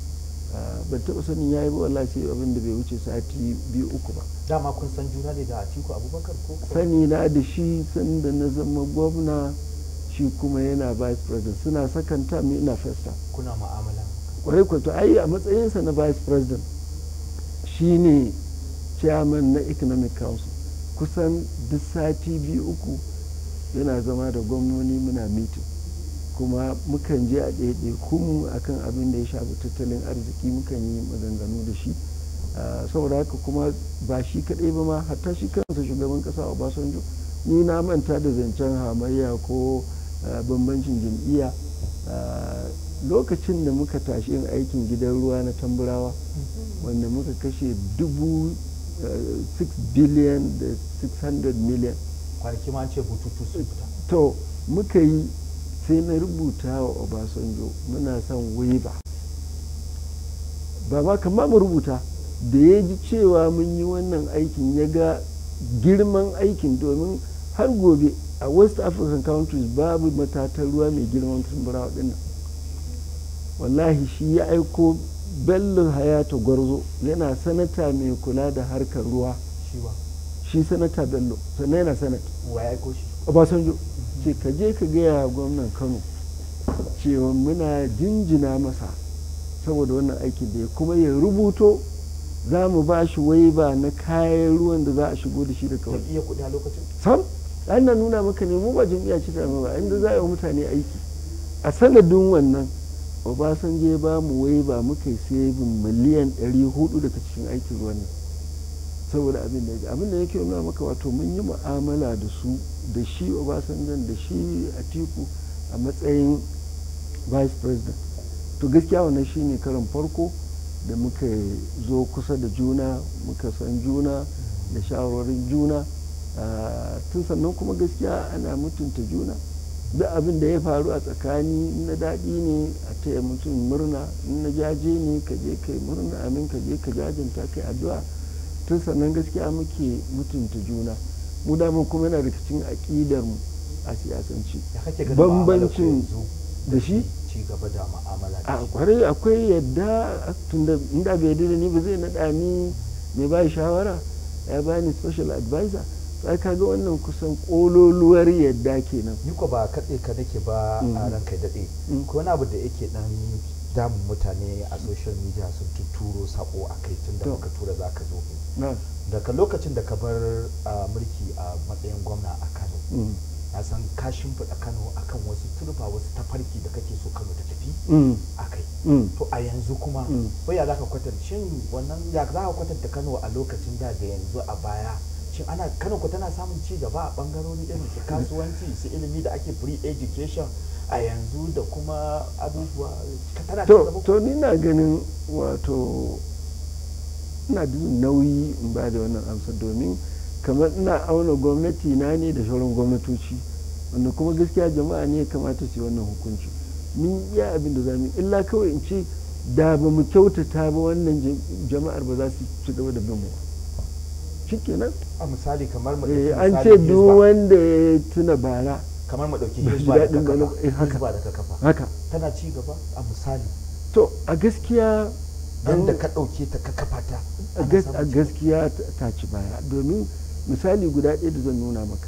Eh, ban taɓa sanin ya yi ba wallahi sai abin da bai wuce sati biyu uku ba dama kun san juna ne da atiku abubakar ko sani na da shi sanda na zama gwamna shi kuma yana vice president suna ta mu ina festa kuna mu'amala kwarai kwato ai a matsayinsa na vice president shi ne chairman na economic council kusan duk sati biyu uku yana zama da gwamnoni muna meeting kuma mukan je a ɗaiɗaikunmu a kan abin da ya shafi tattalin arziki mukan yi maganganu da shi ah, saboda haka kuma ba shi kaɗai ba ma hatta shi kansa shugaban ƙasa obasanjo ni na manta da zancen hamayya ko ah, bambancin jam'iyya ah, lokacin da muka tashi yin aikin gidan ruwa na tamburawa wanda muka kashe dubu 6 billion da 600 million kwanaki ma ce bututu sun fita to muka yi sai na rubuta wa obasanjo muna son waiba ba ma kama mu rubuta da ya ji cewa mun yi wannan aikin ya ga girman aikin domin har gobe a west african countries babu matatan ruwa mai girman tumbura waɗannan wallahi shi ya aiko bello hayata gwarzo yana sanata mai kula da harkar ruwa shi sanata bello sannan yana sanata wa ya aiko shi obasanjo ce ka je ka gaya gwamnan kano cewa muna jinjina masa saboda wannan aikin da ya kuma ya rubuto za mu ba shi wai ba na kayan ruwan da za a shigo da shi da kawai iya kudi a lokacin sam an na nuna maka ne mu ba jami'a ce ta ba inda za a yi mutane aiki a sanadin wannan obasanjo ya ba mu wai ba muka yi sai miliyan 400 daga cikin aikin ruwan nan saboda abin da ya abin da yake nuna maka wato mun yi mu'amala da su da shi obasanjo da shi atiku a matsayin vice president to gaskiya wannan shi ne karin farko da muka zo kusa da juna muka san juna da shawarwarin juna tun sannan kuma gaskiya ana mutunta juna duk abin da ya faru a tsakani na daɗi ne a taya mutum murna na jaje ne ka je kai murna amin ka je ka jajanta kai addu'a tun sannan gaskiya muke mutunta juna mu dama kuma yana rikicin aƙidar mu a siyasance bambancin da shi ci gaba da a kwarai akwai yadda tunda inda bai yarda ni ba zai naɗa ni mai ba shawara ya bani special advisor sai ka ga wannan kusan kololuwar yadda kenan ni ko ba katse ka nake ba a mm. ranka daɗe mm. ko wani abu da yake dan damun mutane a social media sun tuturo sako a kai tun da muka tura za ka zo daga lokacin da ka bar mulki a matsayin gwamna a kano mm. na san ka shimfiɗa kano akan wasu turba wasu tafarki da kake so kano ta tafi mm. a kai mm. to a yanzu kuma wai ya za ka kwatar shin wannan ya za ka da kano a lokacin da da yanzu a baya shin ana kano ku tana samun ci gaba a bangarori irin su kasuwanci su ilimi da ake free education a yanzu da kuma abubuwa tana to ni na ganin wato ina jin nauyi in ba da wannan amsa domin kamar ina auna gwamnati na ne da sauran gwamnatoci wanda kuma gaskiya jama'a ne kamata su yi wannan hukunci ni iya abin da za mu illa kawai in ce da ba mu kyautata ba wannan jama'ar ba za su ci gaba da bin mu kenan a misali kamar mu eh, an ce duk wanda ya tuna bara kamar mu dauki eh, hizba da kafa da kafa haka tana ci gaba a misali to a gaskiya dan da ka dauke ta ka kafa ta a gaskiya ta ci baya domin misali guda ɗaya da zan nuna maka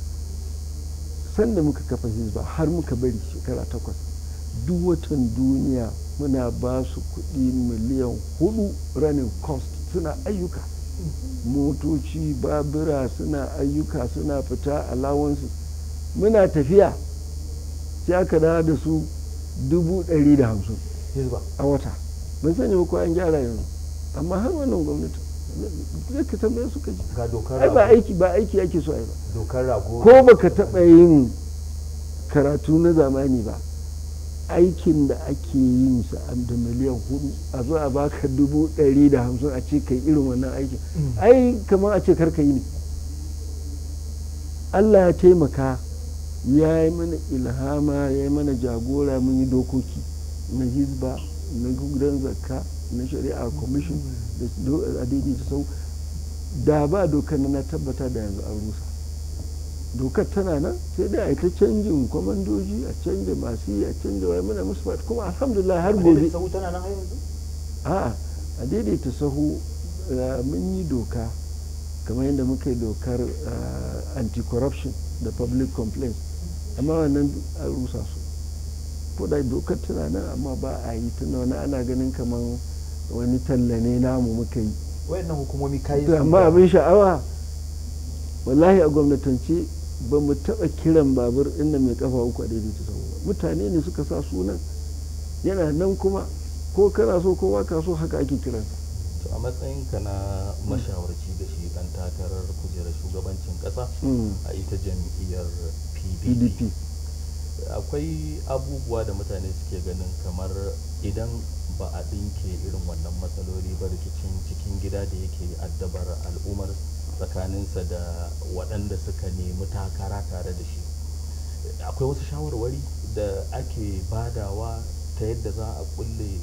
sanda muka kafa hizba har muka bari shekara takwas duk watan duniya muna ba su kuɗi miliyan hudu running cost suna ayyuka mm-hmm. motoci babura suna ayyuka suna fita allowances muna tafiya sai aka dawo da su dubu ɗari da hamsin a wata mun sani muku an gyara yanzu amma har wannan gwamnati zai ka tambaye su kaji ai ba aiki ba aiki ake so ai ba dokar rago ko baka taɓa yin karatu na zamani ba aikin da ake yin sa da miliyan hudu a zo a baka dubu ɗari da hamsin a ce kai irin wannan aikin mm. ai kamar a ce karka yi ne Allah ya taimaka ya yi mana ilhama ya yi mana jagora mun yi dokoki na hizba na gudan zakka na shari'a commission da a ta sau da ba dokar na tabbata da yanzu an rusa dokar tana nan sai dai a yi ta canjin kwamandoji a canja masu yi a canja wai mana musu fata kuma alhamdulillah har gobe a a ta sahu mun yi doka kamar yadda muka yi dokar anti-corruption da public complaints amma wannan an rusa su ko da dokar tana nan amma ba a yi tuna wani ana ganin kamar wani talla ne namu muka yi wayannan hukumomi kayi su amma abin sha'awa wallahi a gwamnatance ba mu taba kiran babur inda mai kafa uku a daidaita ta mutane ne suka sa sunan yana nan kuma ko kana so ko ka so haka ake kiran. to a matsayinka na hmm. mashawarci da shi dan takarar kujerar shugabancin kasa hmm. a ita jam'iyyar pdp akwai abubuwa da mutane suke ganin kamar idan ba a dinke irin wannan matsaloli ba rikicin cikin gida da yake addabar al'ummar tsakaninsa da waɗanda suka nemi takara tare da shi akwai wasu shawarwari da ake badawa ta yadda za a kulle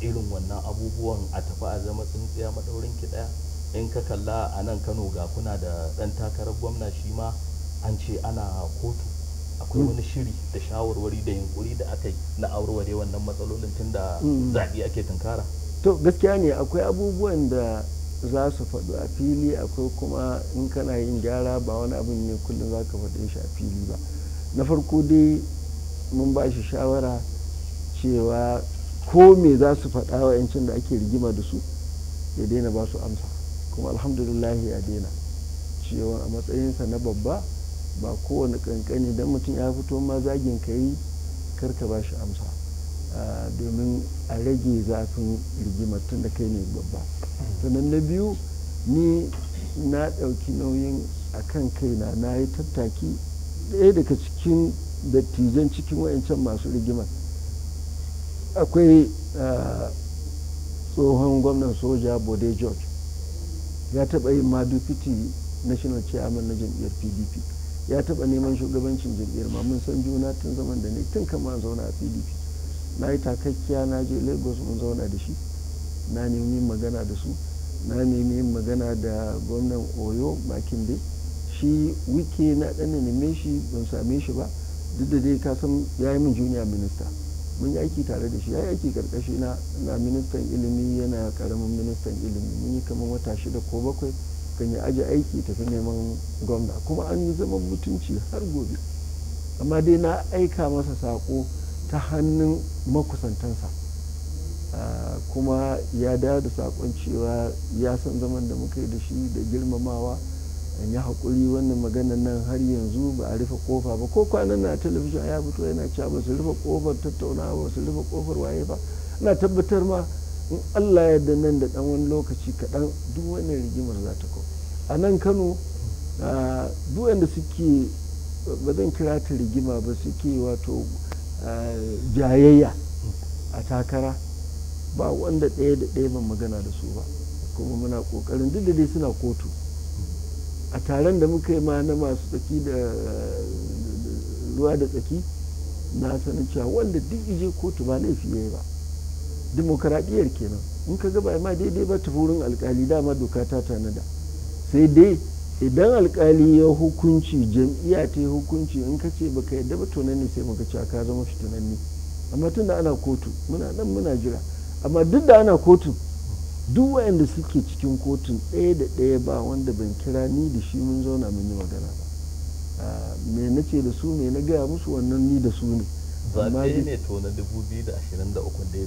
irin wannan abubuwan a tafi a zama tsintsiya maɗaurin kiɗa in ka kalla a nan kano ga kuna da ɗan takarar gwamna shi ma an ce ana kotu akwai hmm. wani shiri da shawarwari da yunkuri da aka yi na aureware wannan matsalolin tun da hmm. zaɓi ake tunkara to gaskiya ne akwai abubuwan da za su faɗo a fili akwai kuma in kana yin gyara ba wani abin ne kullum za ka faɗe shi a fili ba na farko dai mun ba shi shawara cewa ko me za su faɗa wa yancin da ake rigima da su ya daina ba su amsa kuma alhamdulillah ya daina cewa a matsayinsa na babba ba kowane kankani don mutum ya fito ma zagin ka yi karka ba shi amsa ah, domin a rage zafin rigimar tun da kai ne babba sannan na biyu ni na ɗauki nauyin a kan kaina na yi tattaki ɗaya daga cikin dattijan cikin wayancan masu rigimar akwai ah, tsohon gwamnan soja bode george ya taɓa yin ma national chairman na jam'iyyar pdp ya taɓa neman shugabancin jam'iyyar ma mun san juna tun zaman da ne tun kama zauna a pdp na yi takakkiya na je lagos mun zauna da shi na nemi magana da su na nemi magana da gwamnan oyo bakin dai shi wiki na ɗan neme shi ban same shi ba duk da dai kasan ya yi min juniya minista mun yi aiki tare da shi ya yi aiki karkashi na ministan ilimi yana karamin ministan ilimi mun yi kamar wata shida ko bakwai kan yi aji aiki tafi neman gwamna kuma an yi zaman mutunci har gobe amma dai na aika masa sako ta hannun makusantansa ah, kuma ya dawo da sakon cewa ya san zaman da muka yi da shi da girmamawa an yi haƙuri wannan maganan nan har yanzu ba a rufe kofa ba ko kwanan na talabijin ya fito yana cewa ba su rufe ƙofar tattaunawa ba su rufe ƙofar waye ba ana tabbatar ma in allah ya yadda nan da dan wani lokaci kaɗan duk wani rigimar za ta kawo a nan kano duk wanda suke ba zan kira ta rigima ba suke wato jayayya a takara ba wanda ɗaya da ɗaya ban magana da su ba kuma muna ƙoƙarin duk da dai suna kotu a taron da muka yi ma na masu tsaki da ruwa da tsaki na sanin cewa wanda duk ije kotu ba laifi ya yi ba dimokuraɗiyar kenan in ka gaba ma daidai ba ta wurin alkali dama doka ta tanada sai dai idan alkali ya hukunci jam'iyya ta yi hukunci in ka ce baka yadda ba tunanni sai muka ce ka zama fitinanni amma tunda ana kotu muna nan muna jira amma duk da ana kotu duk wayanda suke cikin kotun ɗaya da ɗaya ba wanda ban kira ni da shi mun zauna mun yi magana ba ah, me na ce da su me na gaya musu wannan ni da su ne zaɓe ne to na 2023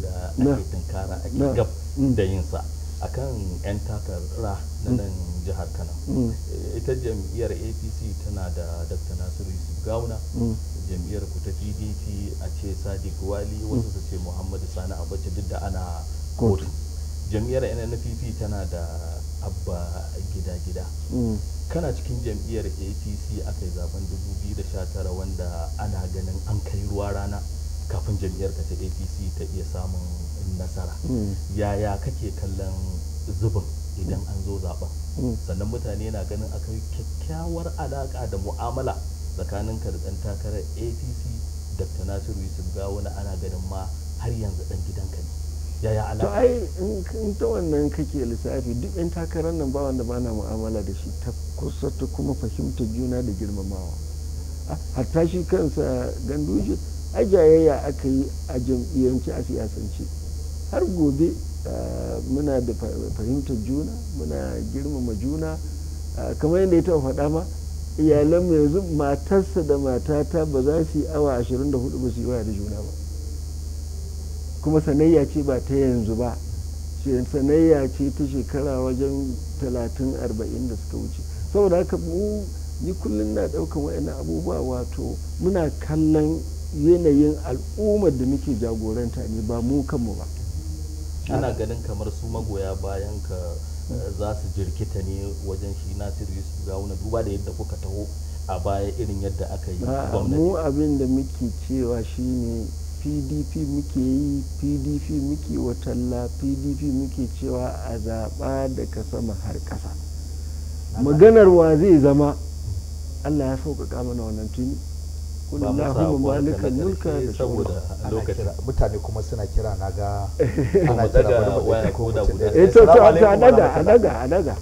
da da ake tunkara ake gab mm. da yinsa akan 'yan takara na mm. nan jihar kano mm. ita jam'iyyar apc tana da dr nasiru yusuf gauna jam'iyyar ku pdp a ce sadiq wali wasu su ce muhammadu sani abacha duk da ana kotu jam'iyyar nnpp tana da abba gida-gida kana cikin jam'iyyar apc aka yi zaben 2019 wanda ana ganin an kai ruwa rana kafin jam'iyyar ta apc ta iya samun nasara hmm. yaya kake kallon zubin idan an zo zaben hmm. sannan mutane na ganin akwai kyakkyawar alaƙa da mu'amala tsakanin ka da takarar apc dr nasiru yusuf na ana ganin ma har yanzu ɗan gidan ka. yaya alaƙa to ai in ta wannan kake lissafi duk yan takarar nan ba wanda bana mu'amala da shi ta kusa ta kuma fahimta juna da girmamawa hatta shi kansa ganduje a jayayya aka yi a jam'iyyance a siyasance har gobe muna da fahimtar juna muna girmama juna kamar yadda ya taɓa faɗa ma iyalanmu yanzu matarsa da matata ba za su yi awa 24 ba su yi waya da juna ba kuma sanayya ce ba ta yanzu ba sanayya ce ta shekara wajen talatin arba'in da suka wuce saboda haka mu ni kullum na ɗaukan wa'ina abubuwa wato muna kallon yanayin al'ummar da muke jagoranta ne ba mu kanmu ba ana ganin kamar su magoya bayan ka eh, za su jirkita ne wajen shi nasiru yusuf gawuna duba da yadda kuka taho a baya irin yadda aka yi mu abin da muke cewa shine pdp muke yi pdp muke watalla pdp muke cewa a zaɓa daga sama har ƙasa maganar wa zai zama allah ya sauƙaƙa mana wannan tuni kuna saboda mutane kuma suna kira na ga ana kira wani ko da guda eh to to a daga a daga a daga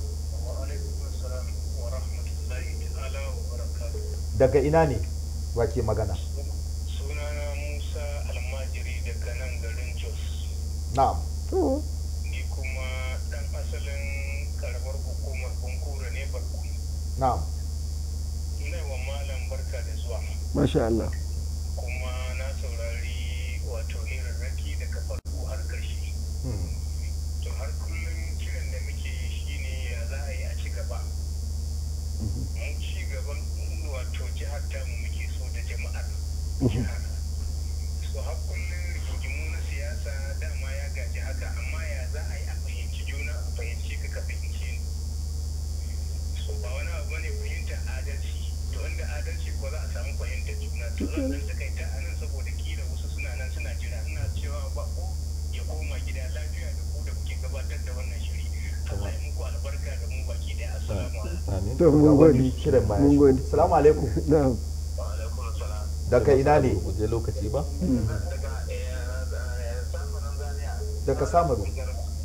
daga ina ne wake magana na'am ni kuma dan asalin karamar hukumar kunkura ne barku na'am ina wa malam barka da zuwa masha Allah kuma na saurari wato irin raki da kafar har karshe hmm. to har kullum kiran da muke yi shine ya za a yi a ci gaba hmm. mun ci gaban wato jihar mu muke so da jama'ar hmm. jihar to mun gode shirin baya mun gode assalamu alaikum na'am daga ina ne je lokaci ba daga samaru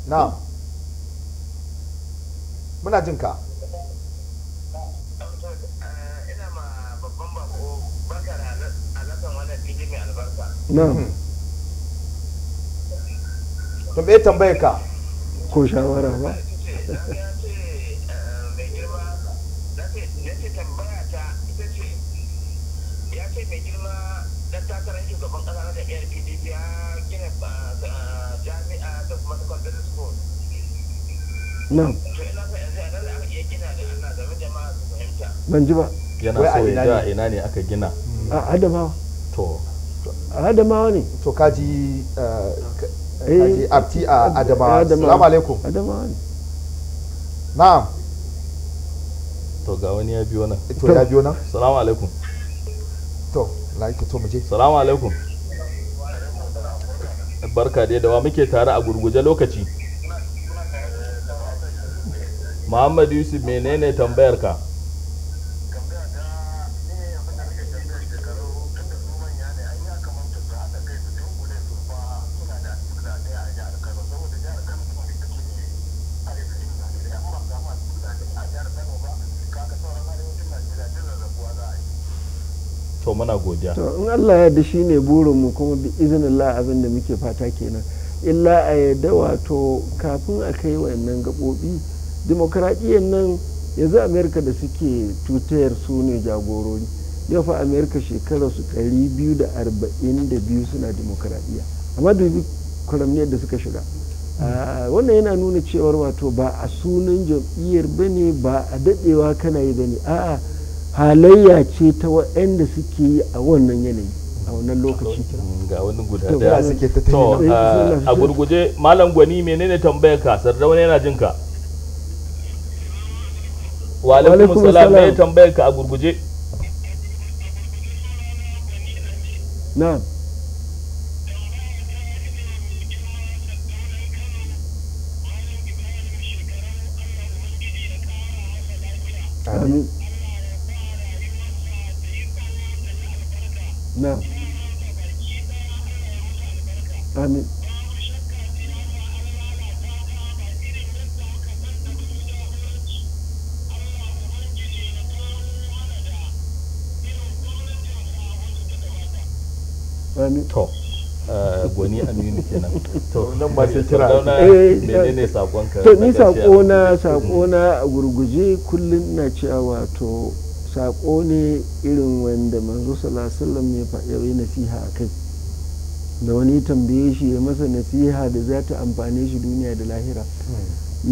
na'am muna jin ka na'am tambaye tambaye ka ko shawara ba nan ban ji ba yana so ya ja ina ne aka gina a adamawa to a adamawa ne to kaji eh, kaji eh, abti a adamawa salamu alaikum adamawa ne na'am to ga wani ya biyo nan to ya biyo nan salamu alaikum to laika to muje salamu alaikum barka dai da wa muke tare a gurguje lokaci Muhammad Yusuf menene tambayar ka? to in Allah ya da shi ne burinmu kuma bi Allah abin da muke fata kenan illa a yadda wato kafin a kai wayannan gaɓoɓi demokradiyyar nan yanzu amerika da suke tutayar su ne jagorori yau fa amerika shekara su 242 suna demokradiyya amma dubi kwaramniyar da suka shiga mm. ah, wannan yana nuna cewar wato ba a sunan jam'iyyar ba ne ba a dadewa kana yi ba ne a'a halayya ce ta waɗanda suke yi a wannan yanayi a wannan lokaci mm, ga wani guda da suke ta ah, a gurguje malam gwani menene tambayar ka wani yana jinka wa alaikum salam ne tambayar ka a gurguje na'am kira eh, menene sakonka to ni sako na sako na a gurguje kullum na cewa wato sako ne irin wanda manzo sallallahu ya faɗi nasiha a kai da wani tambaye shi ya masa nasiha da za ta amfane shi duniya da lahira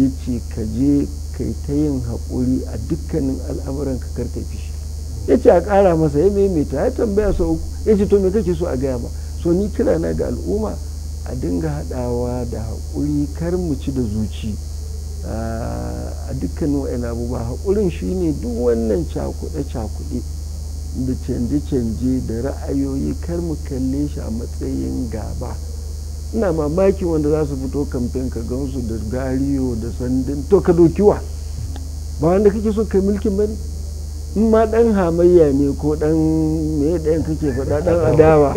ya ce ka je kai ta yin haƙuri a dukkanin al'amuran ka karka fishi ya ce a ƙara masa ya maimaita ya tambaya sau ya ce to me kake so a gaya ba so ni kira na ga al'umma a dinga haɗawa da haƙuri kar mu ci da zuci a dukkanin wa'in abubuwa haƙurin shi ne duk wannan cakuɗe-cakuɗe da canje-canje da ra'ayoyi kar mu kalle shi a matsayin gaba ina mamaki wanda za su fito kamfen ka gansu da gariyo da sandin to ka dokiwa ba wanda kake so ka mulkin bane in ma dan hamayya ne ko dan me ɗayan kake faɗa dan adawa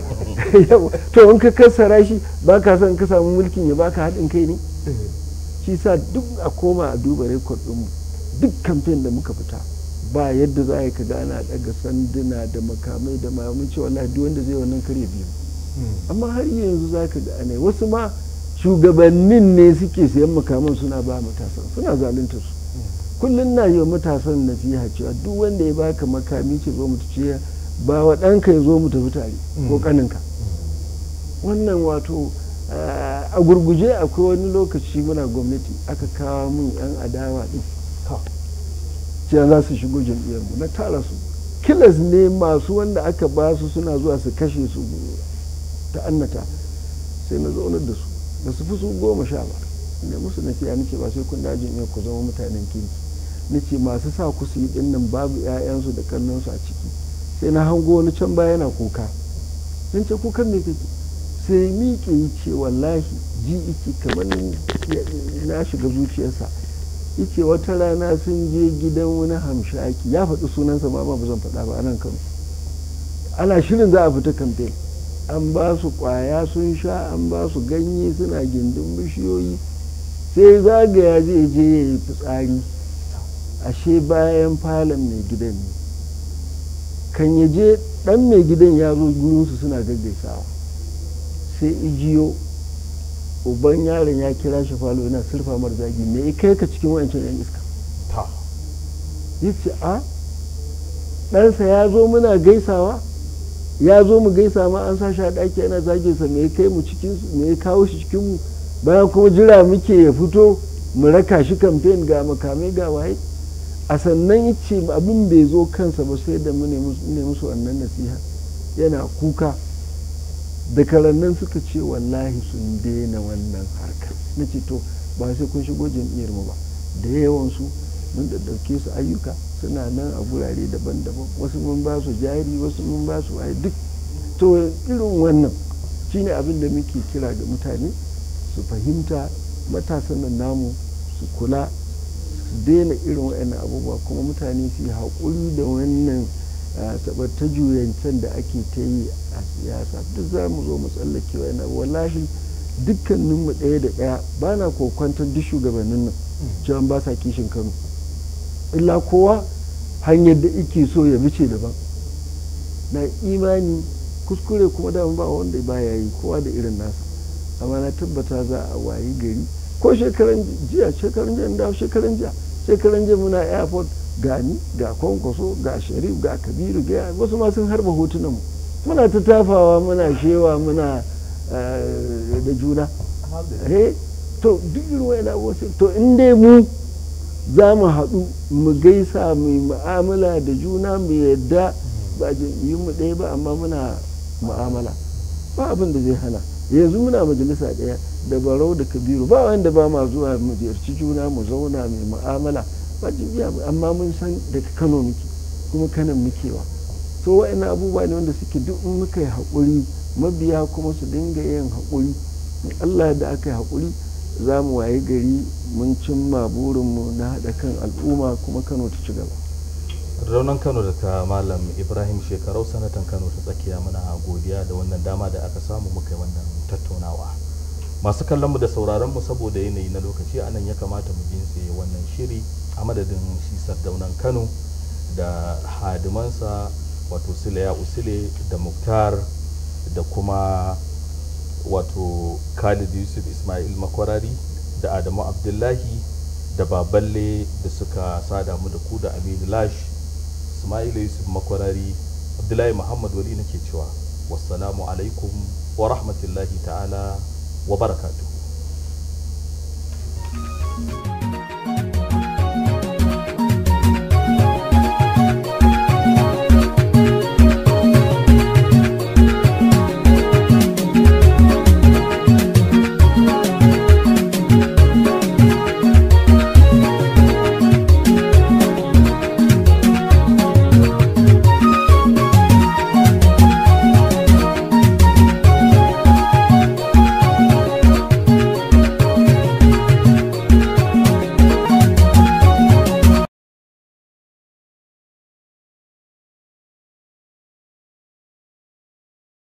to in ka kassara shi ba ka san ka samu mulkin ya baka haɗin kai ne shi sa duk a koma a duba rekod ɗinmu duk kamfen da muka fita ba yadda za a ka gana daga sanduna da makamai da mayamun cewa wallahi duk wanda zai wannan kare biyu amma har yanzu za ka gane wasu ma shugabannin ne suke sayan makaman suna ba matasan suna zalunta su kullum na yi wa matasan nasiha cewa duk wanda ya baka makami ce zo mu ce ba wa ɗanka ya zo mu tafi tare ko mm. ƙaninka wannan wato eh, a gurguje akwai wani lokaci muna gwamnati aka kawo mun yan adawa ɗin sai za su shigo jam'iyyarmu na tara su kilas ne masu wanda aka ba su suna zuwa su kashe su ta annata sai na zaunar da su ba su fi su goma sha ba ne musu na ce ba sai kun dajin ya ku zama mutanen kirki na ce masu sa ku su yi dinnan babu 'ya'yansu da kannansu a ciki sai na hango wani can baya yana kuka sun ce kukan ne kake sai miƙe yi ce wallahi ji iki kamar na shiga zuciyarsa ice wata rana sun je gidan wani hamshaki ya faɗi sunansa ma ba zan faɗa ba nan kan ana shirin za a fita kamfen an ba su ƙwaya sun sha an ba su ganye suna gindin bishiyoyi sai zagaya zai je ya yi fitsari ashe bayan falon mai gidan ne kan ya je ɗan mai gidan ya zo gurinsu suna gaggaisawa sai ijiyo uban yaron ya kira shi falo yana surfa mar zagi me kai ka cikin wancan yan iska ya ce a ɗansa ya zo muna gaisawa ya zo mu gaisa ma an sa shi a ɗaki yana zage sa me kai mu cikin me kawo shi cikin mu bayan kuma jira muke ya fito mu raka shi kamfen ga makamai ga waye a sannan ya ce abin bai zo kansa ba sai da mu ne musu wannan nasiha yana kuka da karannan suka ce wallahi sun daina wannan harkar na ce to ba sai kun shigo jam'iyyar mu ba da yawansu mun da dauke su ayyuka suna nan a gurare daban-daban wasu mun ba su jari wasu mun ba su ai duk to irin wannan shine abin da muke kira ga mutane su fahimta matasan nan namu su kula daina irin waɗannan abubuwa kuma mutane su yi haƙuri da wannan ta juyancen da ake ta yi a siyasa duk za mu zo mu tsallake waɗannan abubuwa wallahi dukkaninmu ɗaya da ɗaya ba na kokwantar duk shugabannin nan cewa ba sa kishin kano illa kowa hanyar da ike so ya bice daban na imani kuskure kuma da ba wanda ba ya yi kowa da irin nasa amma na tabbata za a wayi gari ko shekaran jiya shekaran jiya da shekaran jiya shekaran jiya muna airport ni ga kwankwaso ga sharif ga kabiru ga wasu ma sun harba hotunanmu muna ta tafawa muna shewa muna eh, da juna eh, to duk ruwa yana wasu to in dai mu za mu haɗu mu gaisa mu ma'amala da juna mu yadda ba yi mu ɗaya ba amma muna mu'amala ba abin zai hana yanzu muna majalisa ɗaya da barau da kabiru ba wanda ba ma zuwa mu ziyarci juna mu zauna mai mu'amala ba jibiya amma mun san daga kano muke kuma kanan mukewa so wa'annan abubuwa ne wanda suke duk in muka yi haƙuri mabiya kuma su dinga yin haƙuri allah da aka yi haƙuri za mu waye gari mun cimma burinmu na haɗa kan al'umma kuma kano ta ci gaba raunin kano da ka malam ibrahim shekarau sanatan kano ta tsakiya muna godiya da wannan dama da aka samu muka yi wannan tattaunawa masu kallon mu da sauraron mu saboda yanayi na lokaci anan ya kamata mu jinse wannan shiri a madadin shi sardaunan kano da hadimansa wato sile da muktar da kuma wato khalid yusuf ismail makwarari da adamu abdullahi da baballe da suka sada mu da ku da aminu lash ismail yusuf makwarari abdullahi muhammad wali nake cewa wassalamu alaikum wa rahmatullahi ta'ala wa barakatuhu